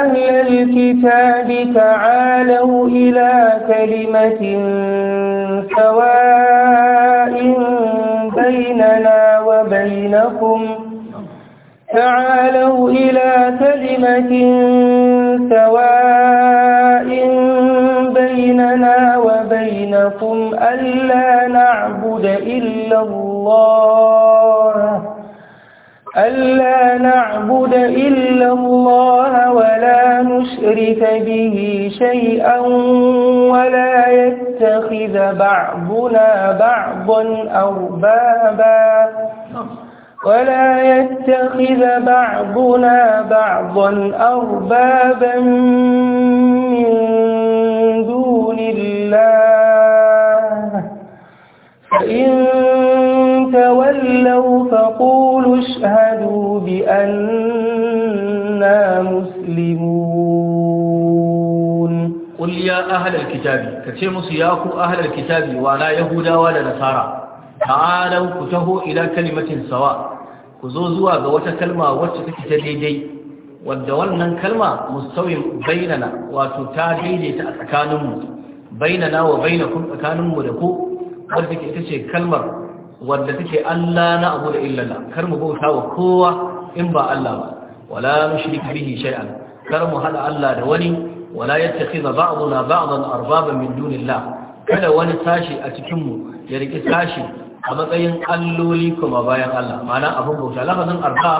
أهل الكتاب تعالوا إلى كلمة سواء بيننا وبينكم تعالوا إلى كلمة سواء بيننا وبينكم ألا نعبد إلا الله ألا نعبد إلا الله ولا نشرك به شيئا ولا يتخذ بعضنا بعضا أربابا ولا يتخذ بعضنا بعضا أربابا من دون الله فإن تولوا فقولوا اشهدوا بأننا مسلمون قل يا أهل الكتاب كتير سياق أهل الكتاب ولا يهودا ولا نصارى تعالوا كتهوا إلى كلمة سواء كزوزوا بوتا كلمة وتتكت ليدي والدولنا كلمة مستوي بيننا وتتاجيدي تأتكانم بيننا وبينكم أكانم لكم wadda ke ita ce kalmar wanda take Allah na abu da illallah kar mu bauta wa kowa in ba Allah ba wala mushrik bihi shay'an kar mu hada Allah da wani wala yattakhidha ba'duna ba'dan arbaban min dunillah kada wani sashi a cikin mu ya riki sashi a matsayin alloli kuma bayan Allah ma'ana abun bauta lafazin arba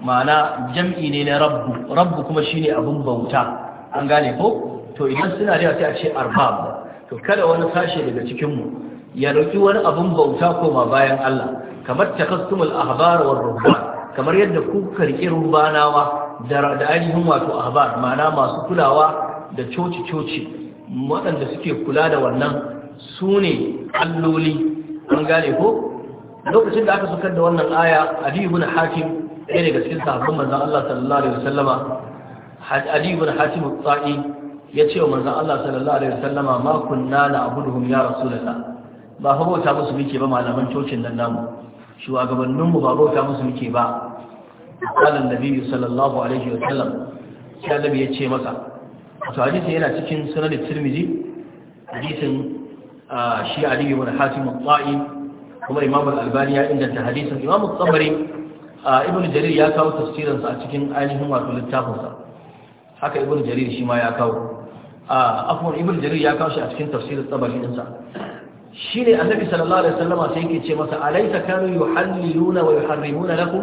ma'ana jam'i ne na rabbu rabbu kuma shine abun bauta an gane ko to idan suna da sai a ce arbab to kada wani sashe daga cikin mu ya dauki wani abun bauta koma bayan Allah kamar takastumul ahbar war ruhban kamar yadda ku karki rubanawa da ainihin wato ahbar ma'ana masu kulawa da coci coci waɗanda suke kula da wannan su ne alloli an gane ko lokacin da aka sukar da wannan aya Ali ibn Hatim ɗaya daga cikin sahabban manzon Allah sallallahu alaihi wasallama Ali ibn Hatim al-Tsa'i ya ce wa manzon Allah sallallahu alaihi wasallama ma kunna na'buduhum ya rasulullah ba fa bauta musu muke ba malaman cocin nan namu shugabannin mu ba bauta musu muke ba qala annabi sallallahu alaihi wa sallam sai annabi ya ce maka to hadisi yana cikin sunan tirmidhi hadisin shi ali wani hatim al-ta'i kuma imam al-albani ya inganta hadisin imam al ibn jarir ya kawo tafsirin a cikin ainihin wato littafinsa. haka ibn jarir shi ma ya kawo afwan ibn jarir ya kawo shi a cikin tafsirin tabari din ne annabi sallallahu alaihi wasallama sai yake ce masa alaysa kanu yuhalliluna wa yuharrimuna lakum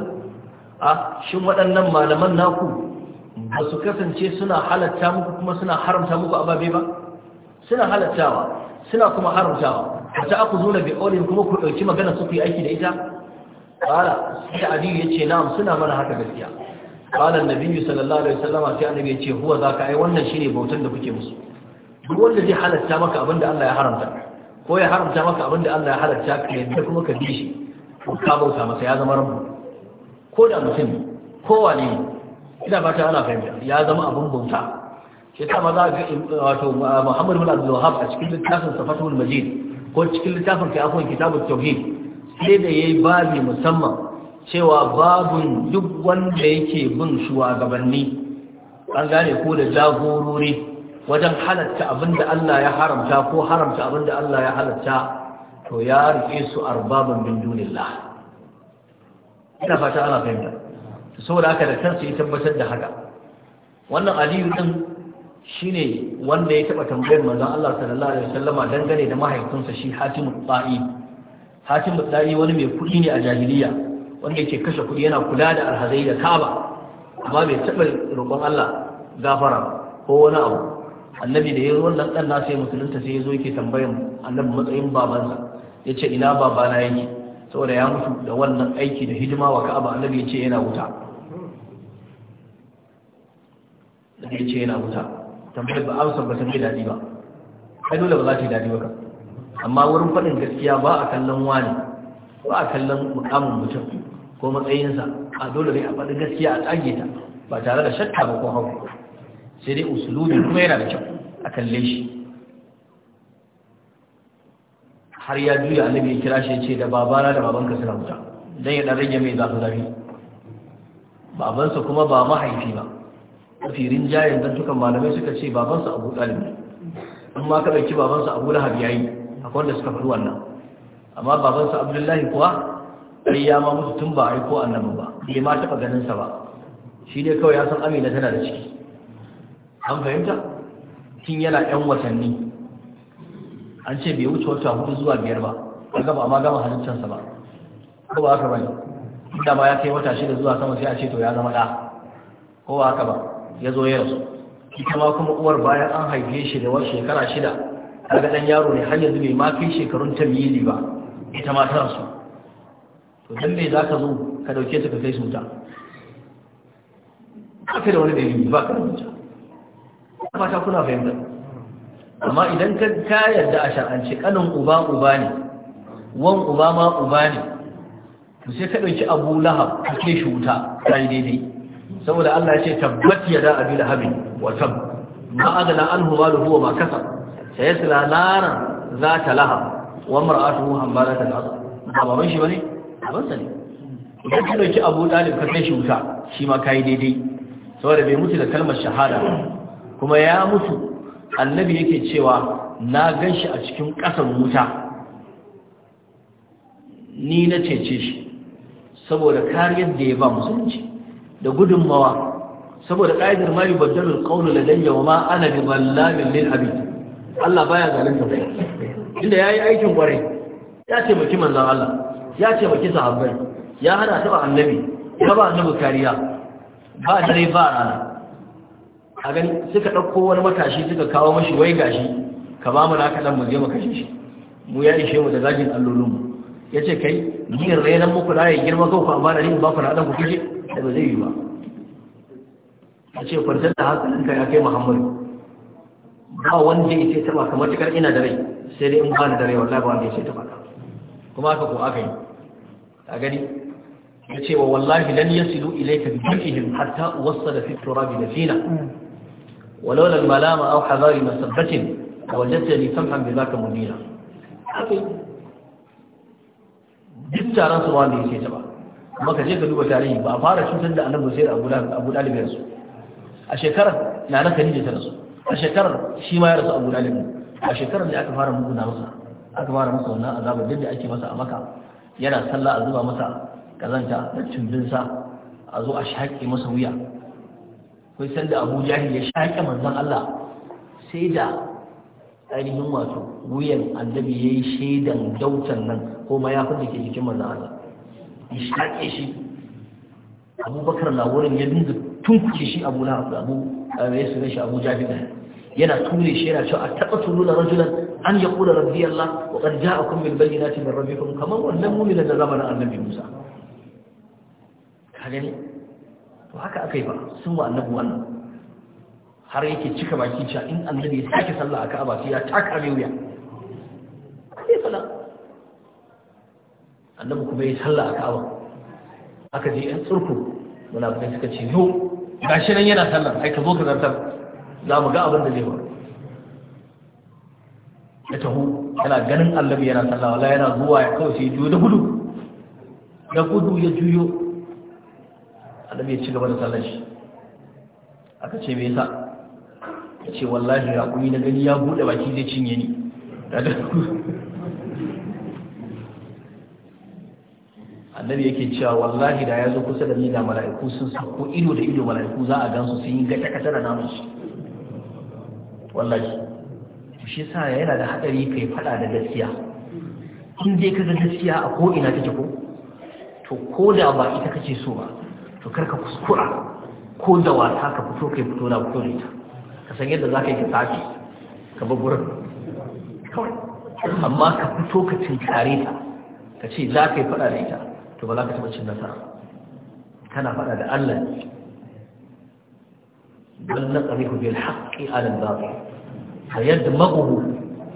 ah shin waɗannan malaman naku ba su kasance suna halatta muku kuma suna haramta muku ababe ba suna halattawa suna kuma haramtawa ta aku zo bi aulin kuma ku dauki magana su ku yi aiki da ita qala sai adiyu yace na'am suna mana haka gaskiya qala annabi sallallahu alaihi wasallama sai annabi yace huwa zaka ai wannan shine bautan da kuke musu duk wanda zai halatta maka abinda Allah ya haramta ko ya haramta maka abin da Allah ya halarta ka yadda kuma ka bi shi ka bauta masa ya zama rabu ko da mutum ko wani ina fata ana fahimta ya zama abin bauta shi ta maza ga wato Muhammad bin Abdul Wahhab a cikin littafin Safatul Majid ko cikin littafin kai akwai kitabut tauhid sai da yayi babi musamman cewa babun duk wanda yake bin shugabanni an gane ko da jagorori wajen halatta abin da Allah ya haramta ko haramta abin da Allah ya halatta to ya rike su arbaban min dunillah ina fata ana fahimta saboda haka da kansu ya tabbatar da haka wannan aliyu din shine wanda ya taba tambayar manzon Allah sallallahu alaihi wasallama dangane da mahaifinsa shi Hatim Ta'i Hatim Ta'i wani mai kuɗi ne a jahiliya wanda yake kashe kuɗi yana kula da alhazai da Kaaba amma bai taba roƙon Allah gafara ko wani abu annabi da ya zo wannan ɗan nasa ya musulunta sai ya zo yake tambayan annabi matsayin babansa ya ce ina babana yake saboda ya mutu da wannan aiki da hidima wa ka'aba annabi ya ce yana wuta annabi ya ce yana wuta tambayar ba amsar ba ta mai daɗi ba kai dole ba za ta yi daɗi ba amma wurin faɗin gaskiya ba a kallon wani ba a kallon mukamin mutum ko matsayinsa a dole ne a faɗi gaskiya a tsage ta ba tare da shakka ba ko hauka sai dai usulubi kuma yana da kyau a kalle shi har ya juya annabi ya kira shi ya ce da babana da babanka suna wuta dan ya dan rage mai zafi zafi babansa kuma ba mahaifi ba firin jayin dan tukan malamai suka ce babansa Abu Talib an ma ka dauki babansa Abu Lahab yayi akwai wanda suka faru wannan amma babansa Abdullahi kuwa sai ya ma musu tun ba ko annabi ba bai ma taɓa ganin sa ba shi ne kawai ya san Amina tana da ciki an fahimta tun yana yan watanni an ce bai wuce wata hudu zuwa biyar ba an gaba amma gama halittarsa ba ko ba haka ba ne inda ba ya kai wata shida zuwa sama sai a ce to ya zama ɗa ko ba haka ba ya zo ya rasu ita ma kuma uwar bayan an haife shi da wata shekara shida ga ɗan yaro ne har yanzu bai ma kai shekarun tamyizi ba ita ma ta rasu to dan me za ka zo ka ɗauke ta ka kai su ta? ba ka da wani dalili ba ka da wuta fata kuna fahimta amma idan ka ka yarda a shar'ance kanin uba uba ne wan uba ma uba ne to sai ka ɗauki Abu Lahab ka kai shi wuta kai daidai saboda Allah ya ce tabbat ya abi lahab wa tab ma adala anhu maluhu wa ma kasab sayasla za ta lahab wa mar'atuhu hamalatat ta asr ba baban shi bane baban sa ne idan ka ɗauki Abu Talib ka kai shi wuta shi ma ka yi daidai saboda bai mutu da kalmar shahada kuma ya mutu annabi yake cewa na gan shi a cikin ƙasar wuta ni na cece shi saboda kariyar da ya ba musulunci da gudunmawa saboda ƙa'idar mari baddalul qawlu ladayya wa ma ana bi ballamin lil abid Allah baya zalunta sai inda yayi aikin kwarai ya ce maki manzon Allah ya ce maki sahabbai ya hada ta annabi ka ba annabi kariya ba dare ba rana a gani suka ɗauko wani matashi suka kawo mashi wai gashi ka ba mu naka dan mu je mu kashe shi mu ya ishe mu da zagin allolin mu yace kai yin renan muku da ya girma ko ku amana ni ba ku na dan ku kashe da ba zai yi ba yace kwantar da hankalin ka ya kai Muhammadu ba wanda yake taba kamar cikar ina da rai sai dai in ba da rai wallahi ba wanda ta. taba kuma haka ko aka yi a gani yace wa wallahi lan yasilu ilayka bi jihim hatta wasala fi turabi dafina ولولا الملام أو حذار مسبة وجدتني سمحا بذاك مبينا duk taron su wanda yake ta ba maka je ka duba tarihi ba a fara cutar da annabi sai abu dalib a shekarar na na khadija ta rasu a shekarar shi ya rasu abu dalib a shekarar da aka fara muguna masa aka fara masa wannan azabar da ake masa a maka yana sallah a zuba masa kazanta da sa a a masa wuya kai san da Abu Jahil ya shaƙe manzon Allah sai da ainihin wato wuyan annabi yayi shaidan dautan nan ko ma ya fada ke jikin manzon Allah ya shaƙe shi Abubakar na wurin ya dinga tunkuke shi Abu Lahab Abu eh, ya sura shi Abu Jahil yana ture shi yana cewa a taɓa tulula rajulan an ya kula rabbi Allah wa qad ja'akum bil bayyinati min rabbikum kamar wannan mu'minin da zamanin annabi Musa kagani to haka aka yi ba sun wa annabi wannan har yake cika baki cewa in annabi ya sake sallah a ka'aba sai ya taka mai wuya sai sallah annabi kuma ya sallah a ka'aba aka je yan tsurku munafikai suka ce yo gashi nan yana sallah ai ka zo ka zartar za mu ga abin da zai ba. ya taho yana ganin annabi yana sallah wala yana zuwa ya kawai sai juyo da gudu da gudu ya juyo annabi ya ci gaba da sallar shi aka ce me yasa ya ce wallahi raƙumi na gani ya buɗe baki zai cinye ni annabi yake cewa wallahi da ya zo kusa da ni da mala'iku sun sako ido da ido mala'iku za a gansu sun yi gata kata da namun shi wallahi shi sa yana da hadari kai fada da gaskiya in dai ka ga gaskiya a ko ina take ko to ko da ba ita kace so ba to karka kuskura ko da wasa ka fito kai fito na fito da ita ka san yadda za ka yi ka tafi ka bi gurin amma ka fito ka cinkare ta ka ce za ka yi faɗa da ita to ba za ka taɓa cin nasara kana faɗa da Allah bal ku bil haqqi ala al batil fa yadmaghu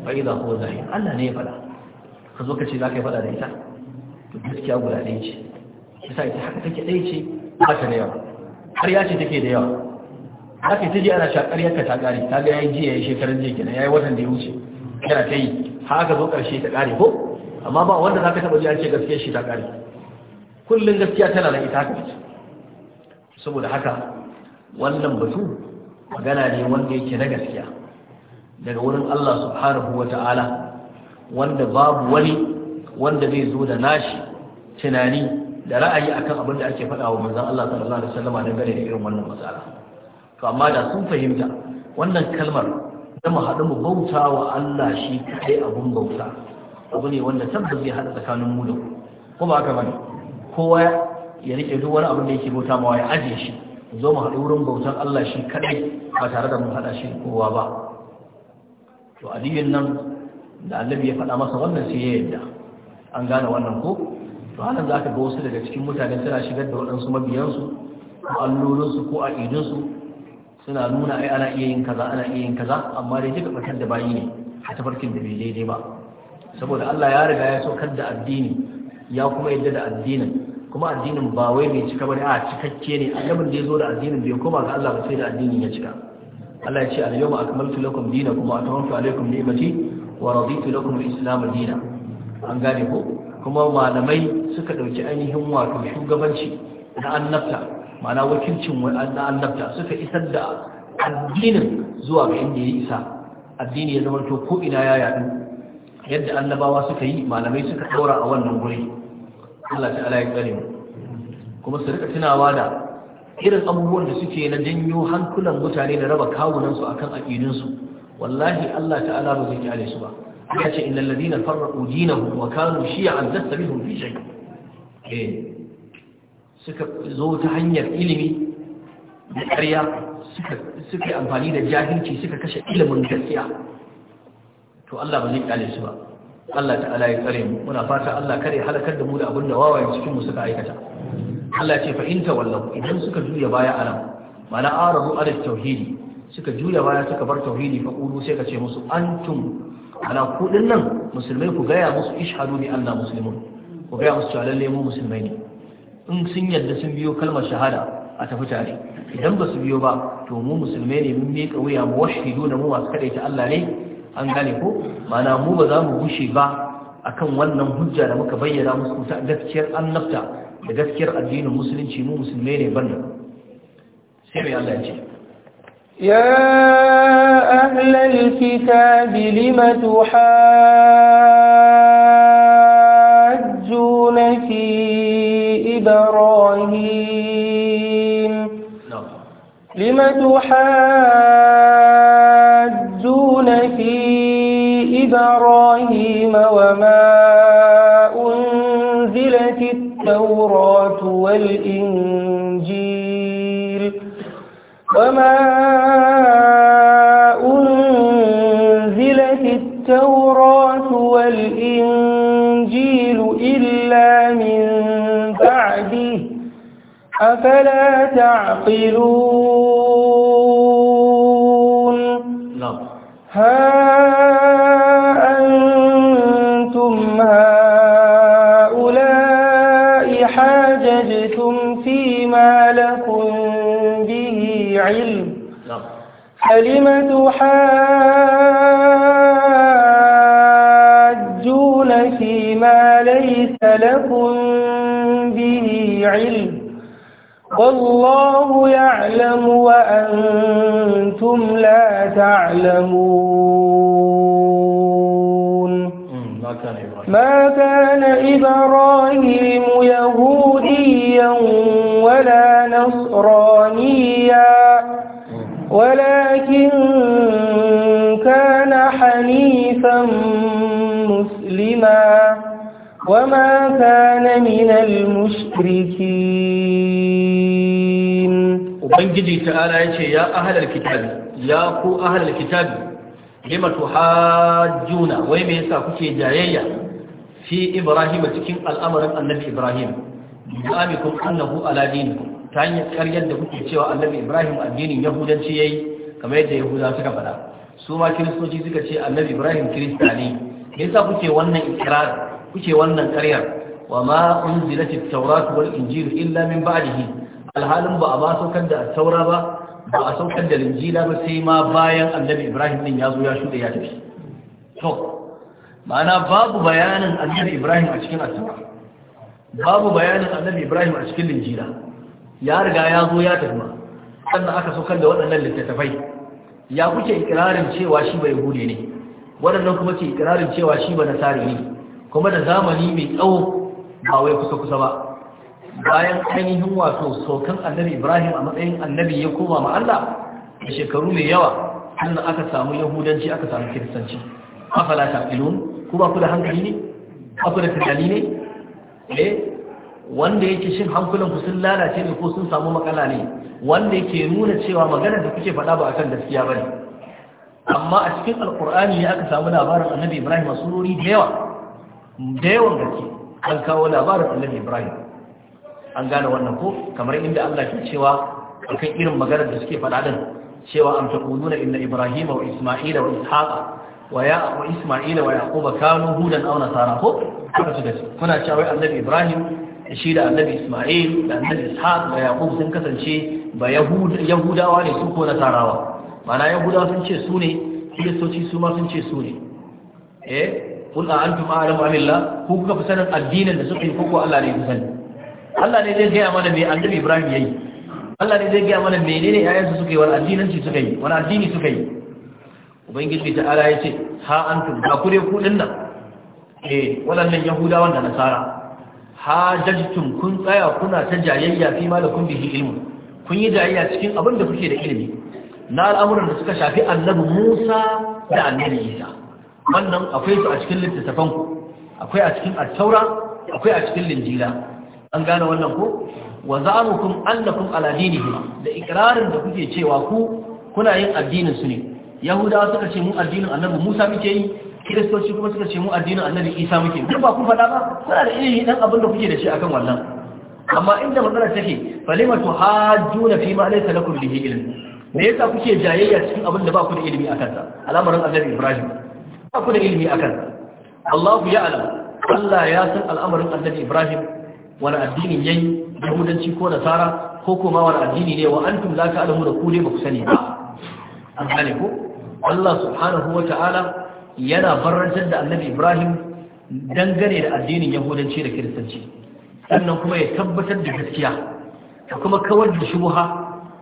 fa idha huwa zahi Allah ne ya faɗa ka zo ka ce za ka yi faɗa da ita to gaskiya guda ɗaya ce yasa ta haka take ɗaya ce ba ta ce take da yawa haka ta ji ana shakar yanka ta kare ta ga yayi jiya yayi shekaran jiya kenan yayi watan da ya wuce yana ta yi haka zo karshe ta kare ko amma ba wanda zaka taba ji an ce gaskiyar shi ta kare kullum gaskiya tana da ita haka saboda haka wannan batu magana ne wanda yake na gaskiya daga wurin Allah subhanahu wa ta'ala wanda babu wani wanda zai zo da nashi tunani da ra'ayi akan abin da ake faɗa wa manzon Allah sallallahu alaihi wasallam dangane da irin wannan matsala to amma da sun fahimta wannan kalmar da mu haɗu mu bauta wa Allah shi kai abun bauta abu ne wanda tabbas zai haɗa tsakanin mu da ku ko ba haka bane kowa ya rike duk wani abin da yake bauta ma ya aje shi zo mu haɗu wurin bautar Allah shi kaɗai ba tare da mun haɗa shi kowa ba to adiyin nan da annabi ya faɗa masa wannan sai ya yarda. an gane wannan ko to za ka ga wasu daga cikin mutane suna shigar da waɗansu mabiyansu ko allolinsu ko aƙidinsu suna nuna ai ana iya yin kaza ana iya yin kaza amma dai duka ɓatar da bayi ne a tafarkin da bai daidai ba saboda Allah ya riga ya saukar da addini ya kuma yadda da addinin kuma addinin ba wai bai cika bane a cikakke ne annabin da ya zo da addinin bai koma ga Allah ba sai da addinin ya cika Allah ya ce al-yawma akmaltu lakum kuma wa atamamtu alaykum ni'mati wa raditu lakum al-islam an gane ko kuma malamai suka ɗauki ainihin wato shugabanci na annabta mana wakilcin na annabta suka isar da addinin zuwa ga inda ya isa addini ya zama to ko ina ya yadu yadda annabawa suka yi malamai suka ɗora a wannan guri Allah ta'ala ya tsare mu kuma su rika tunawa da irin abubuwan da suke na janyo hankulan mutane da raba kawunansu akan aƙidinsu wallahi Allah ta'ala ba zai kyale su ba ya ce inna alladhina farraqu dinahum wa kanu shi'an lasta minhum fi shay eh suka zo ta hanyar ilimi da ƙarya suka suka amfani da jahilci suka kashe ilimin gaskiya to Allah ba zai kale su ba Allah ta'ala ya tsare mu muna fata Allah kare halakar da mu da abin da wawayen cikin mu suka aikata Allah ce fa in tawallu idan suka juya baya a nan mana arabu ala tauhidi suka juya baya suka bar tauhidi fa qulu sai ka ce musu antum ana kudin nan musulmai ku gaya musu ishadu bi Allah muslimun ku gaya musu cewa mu musulmai ne in sun yadda sun biyo kalmar shahada a tafi tare idan ba su biyo ba to mu musulmai ne mun miƙa wuya mu washidu na mu masu kadaita Allah ne an gane ko mana mu ba za mu gushe ba akan wannan hujja da muka bayyana musu ta gaskiyar annabta da gaskiyar addinin musulunci mu musulmai ne banda sai mai Allah ya ce أهل الكتاب لم تحاجون في إبراهيم نعم. لم تحاجون في إبراهيم وما أنزلت التوراة والإنجيل وما الإنجيل إلا من بعده أفلا تعقلون نعم. ها أنتم هؤلاء حاججتم فيما لكم به علم نعم. فلم تحاجون لكم به علم والله يعلم وأنتم لا تعلمون ما كان إبراهيم يهوديا ولا نصرانيا ولا وما كان من المشركين ubangiji ta'ala ya ce ya ahalar kitabi ya ku ahalar kitabi lima tuhajjuna wai me yasa kuke jayayya fi ibrahim cikin al'amarin Anabi ibrahim bi'amikum annahu ala dinikum ta hanyar karyar da kuke cewa annabi ibrahim addinin yahudanci yi kamar da yahuda suka faɗa su ma kiristoci suka ce annabi ibrahim kirista ne me yasa kuke wannan ikrar kuke wannan ƙaryar wa ma unzilat at-taurat wal injil illa min ba'dihi alhalin ba a ba saukar da taura ba ba a saukar da injila ba sai ma bayan annabi ibrahim din ya zo ya shuɗe ya tafi to ma'ana babu bayanin annabi ibrahim a cikin at babu bayanin annabi ibrahim a cikin injila ya riga ya zo ya tafi sannan aka saukar da waɗannan littattafai ya kuke ikirarin cewa shi bai hude ne waɗannan kuma ke ikirarin cewa shi ba nasari ne kuma da zamani mai tsawo ba wai kusa-kusa ba bayan ainihin wato saukan annabi ibrahim a matsayin annabi ya koma ma Allah da shekaru mai yawa sannan aka samu yahudanci aka samu kiristanci afala taqilun ku ba ku da hankali ne ku da tunani ne eh wanda yake shin hankulan ku sun lalace ne ko sun samu makala ne wanda yake nuna cewa maganar da kuke faɗa ba akan gaskiya ne. amma a cikin Alƙur'ani ne aka samu labarin annabi ibrahim a da yawa da yawan gaske an kawo labarin annabi ibrahim an gane wannan ko kamar inda Allah ke cewa akan irin maganar da suke faɗa din cewa am taquluna inna ibrahima wa isma'ila wa ishaqa wa ya wa isma'ila wa yaquba kanu hudan aw nasara ko haka su dace kuna cewa annabi ibrahim shi da annabi isma'il da annabi ishaq da yaqub sun kasance ba yahudawa ne su ko nasarawa mana yahudawa sun ce su ne kiristoci su ma sun ce su ne eh kun a antum a'lamu amillah ku kuka fi sanin addinin da suka yi koko Allah ne ya sani Allah ne zai gaya mana me annabi Ibrahim yayi Allah ne zai gaya mana menene yayansu suka yi wani addinanci suka yi wani addini suka yi ubangiji ta ala ya ce ha antum ba ku dai ku nan? eh waɗannan yahudawan da nasara ha jajtum kun tsaya kuna ta jayayya fi ma da kun bihi ilmu kun yi jayayya cikin abin da kuke da ilimi na al'amuran da suka shafi annabi Musa da annabi Isa wannan akwai su a cikin littattafan ku akwai a cikin attaura, taura akwai a cikin linjila an gane wannan ko wa za'amukum annakum ala dinihim da ikrarin da kuke cewa ku kuna yin addinin su ne yahudawa suka ce mu addinin annabi Musa muke yi kiristoci kuma suka ce mu addinin annabi Isa muke yi ba ku faɗa ba kuna da ilimi dan abin da kuke da shi akan wannan amma inda matsalar take falima tuhajjuna fi ma laysa lakum bihi ilm me yasa kuke jayayya cikin abin da ba ku da ilimi akan sa al'amarin annabi Ibrahim ba ku da ilimi akan Allahu ya alam Allah ya san al'amarin annabi Ibrahim wani addini yayi yahudanci ko nasara ko kuma wani addini ne wa antum la ta'lamu da ku ne ba ku sani ba an gane ko Allah subhanahu wata'ala yana barantar da annabi Ibrahim dangane da addinin yahudanci da kiristanci sannan kuma ya tabbatar da gaskiya da kuma kawar da shubuha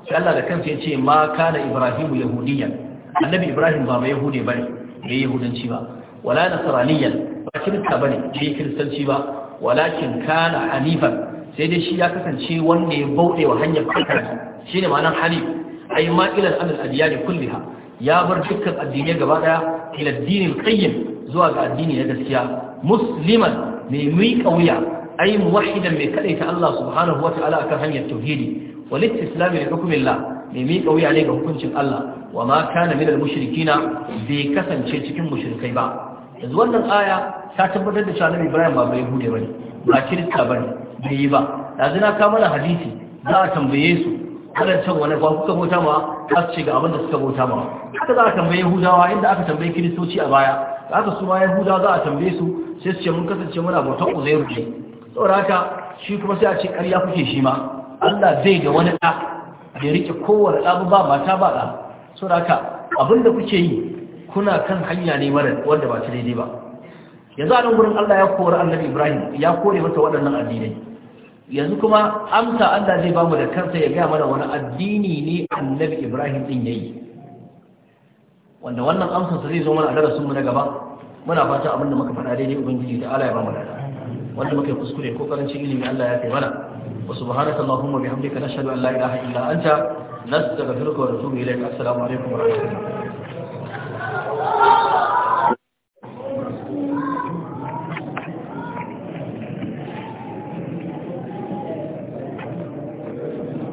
sai Allah da kansa ya ce ma kana Ibrahim yahudiyya annabi Ibrahim ba ba yahude bane bai yahudanci ba wala nasraniyyan ba kirista bane bai kiristanci ba walakin kana hanifan sai dai shi ya kasance wanda ya bauɗe wa hanyar kankan shine ma'anar hanif ai ma ilal amal adiyani kulliha ya bar dukkan addinai gaba daya ila addinin qayyim zuwa ga addini na gaskiya musliman mai miƙa wuya ai muwahidan mai kadaita Allah subhanahu wa ta'ala akan hanyar tauhidi wal istislam li hukmillah mai miƙa wuya ne ga hukuncin Allah wa ma kana minal mushrikina bai kasance cikin mushrikai ba yanzu wannan aya ta tabbatar da shanu Ibrahim ba bai hude bane ba kirista bane bai yi ba yanzu na kawo mana hadisi za a tambaye su kada can wani ba kuka bauta ma za ce ga abin da suka bauta ma haka za a tambaye Yahudawa inda aka tambaye Kiristoci a baya haka su ma Yahudawa za a tambaye su sai su ce mun kasance muna bautar Uzairu ne saboda haka shi kuma sai a ce ƙarya kuke shi ma Allah zai ga wani ɗa da rike kowane ɗabu ba mata ba ɗa so da haka abinda kuke yi kuna kan hanya ne mara wanda ba ta daidai ba yanzu a nan gurin Allah ya kori annabi Ibrahim ya kore mata waɗannan addinai yanzu kuma amsa Allah zai bamu da kansa ya gaya mana wani addini ne annabi Ibrahim din yayi wanda wannan amsa zai zo mana a darasin mu na gaba muna fata abinda muka faɗa daidai ubangiji da Allah ya bamu da wanda muka yi kuskure ko karancin ilimi Allah ya kai mana وسبحانك اللهم وبحمدك نشهد أن لا إله إلا أنت نستغفرك ونتوب إليك السلام عليكم ورحمة الله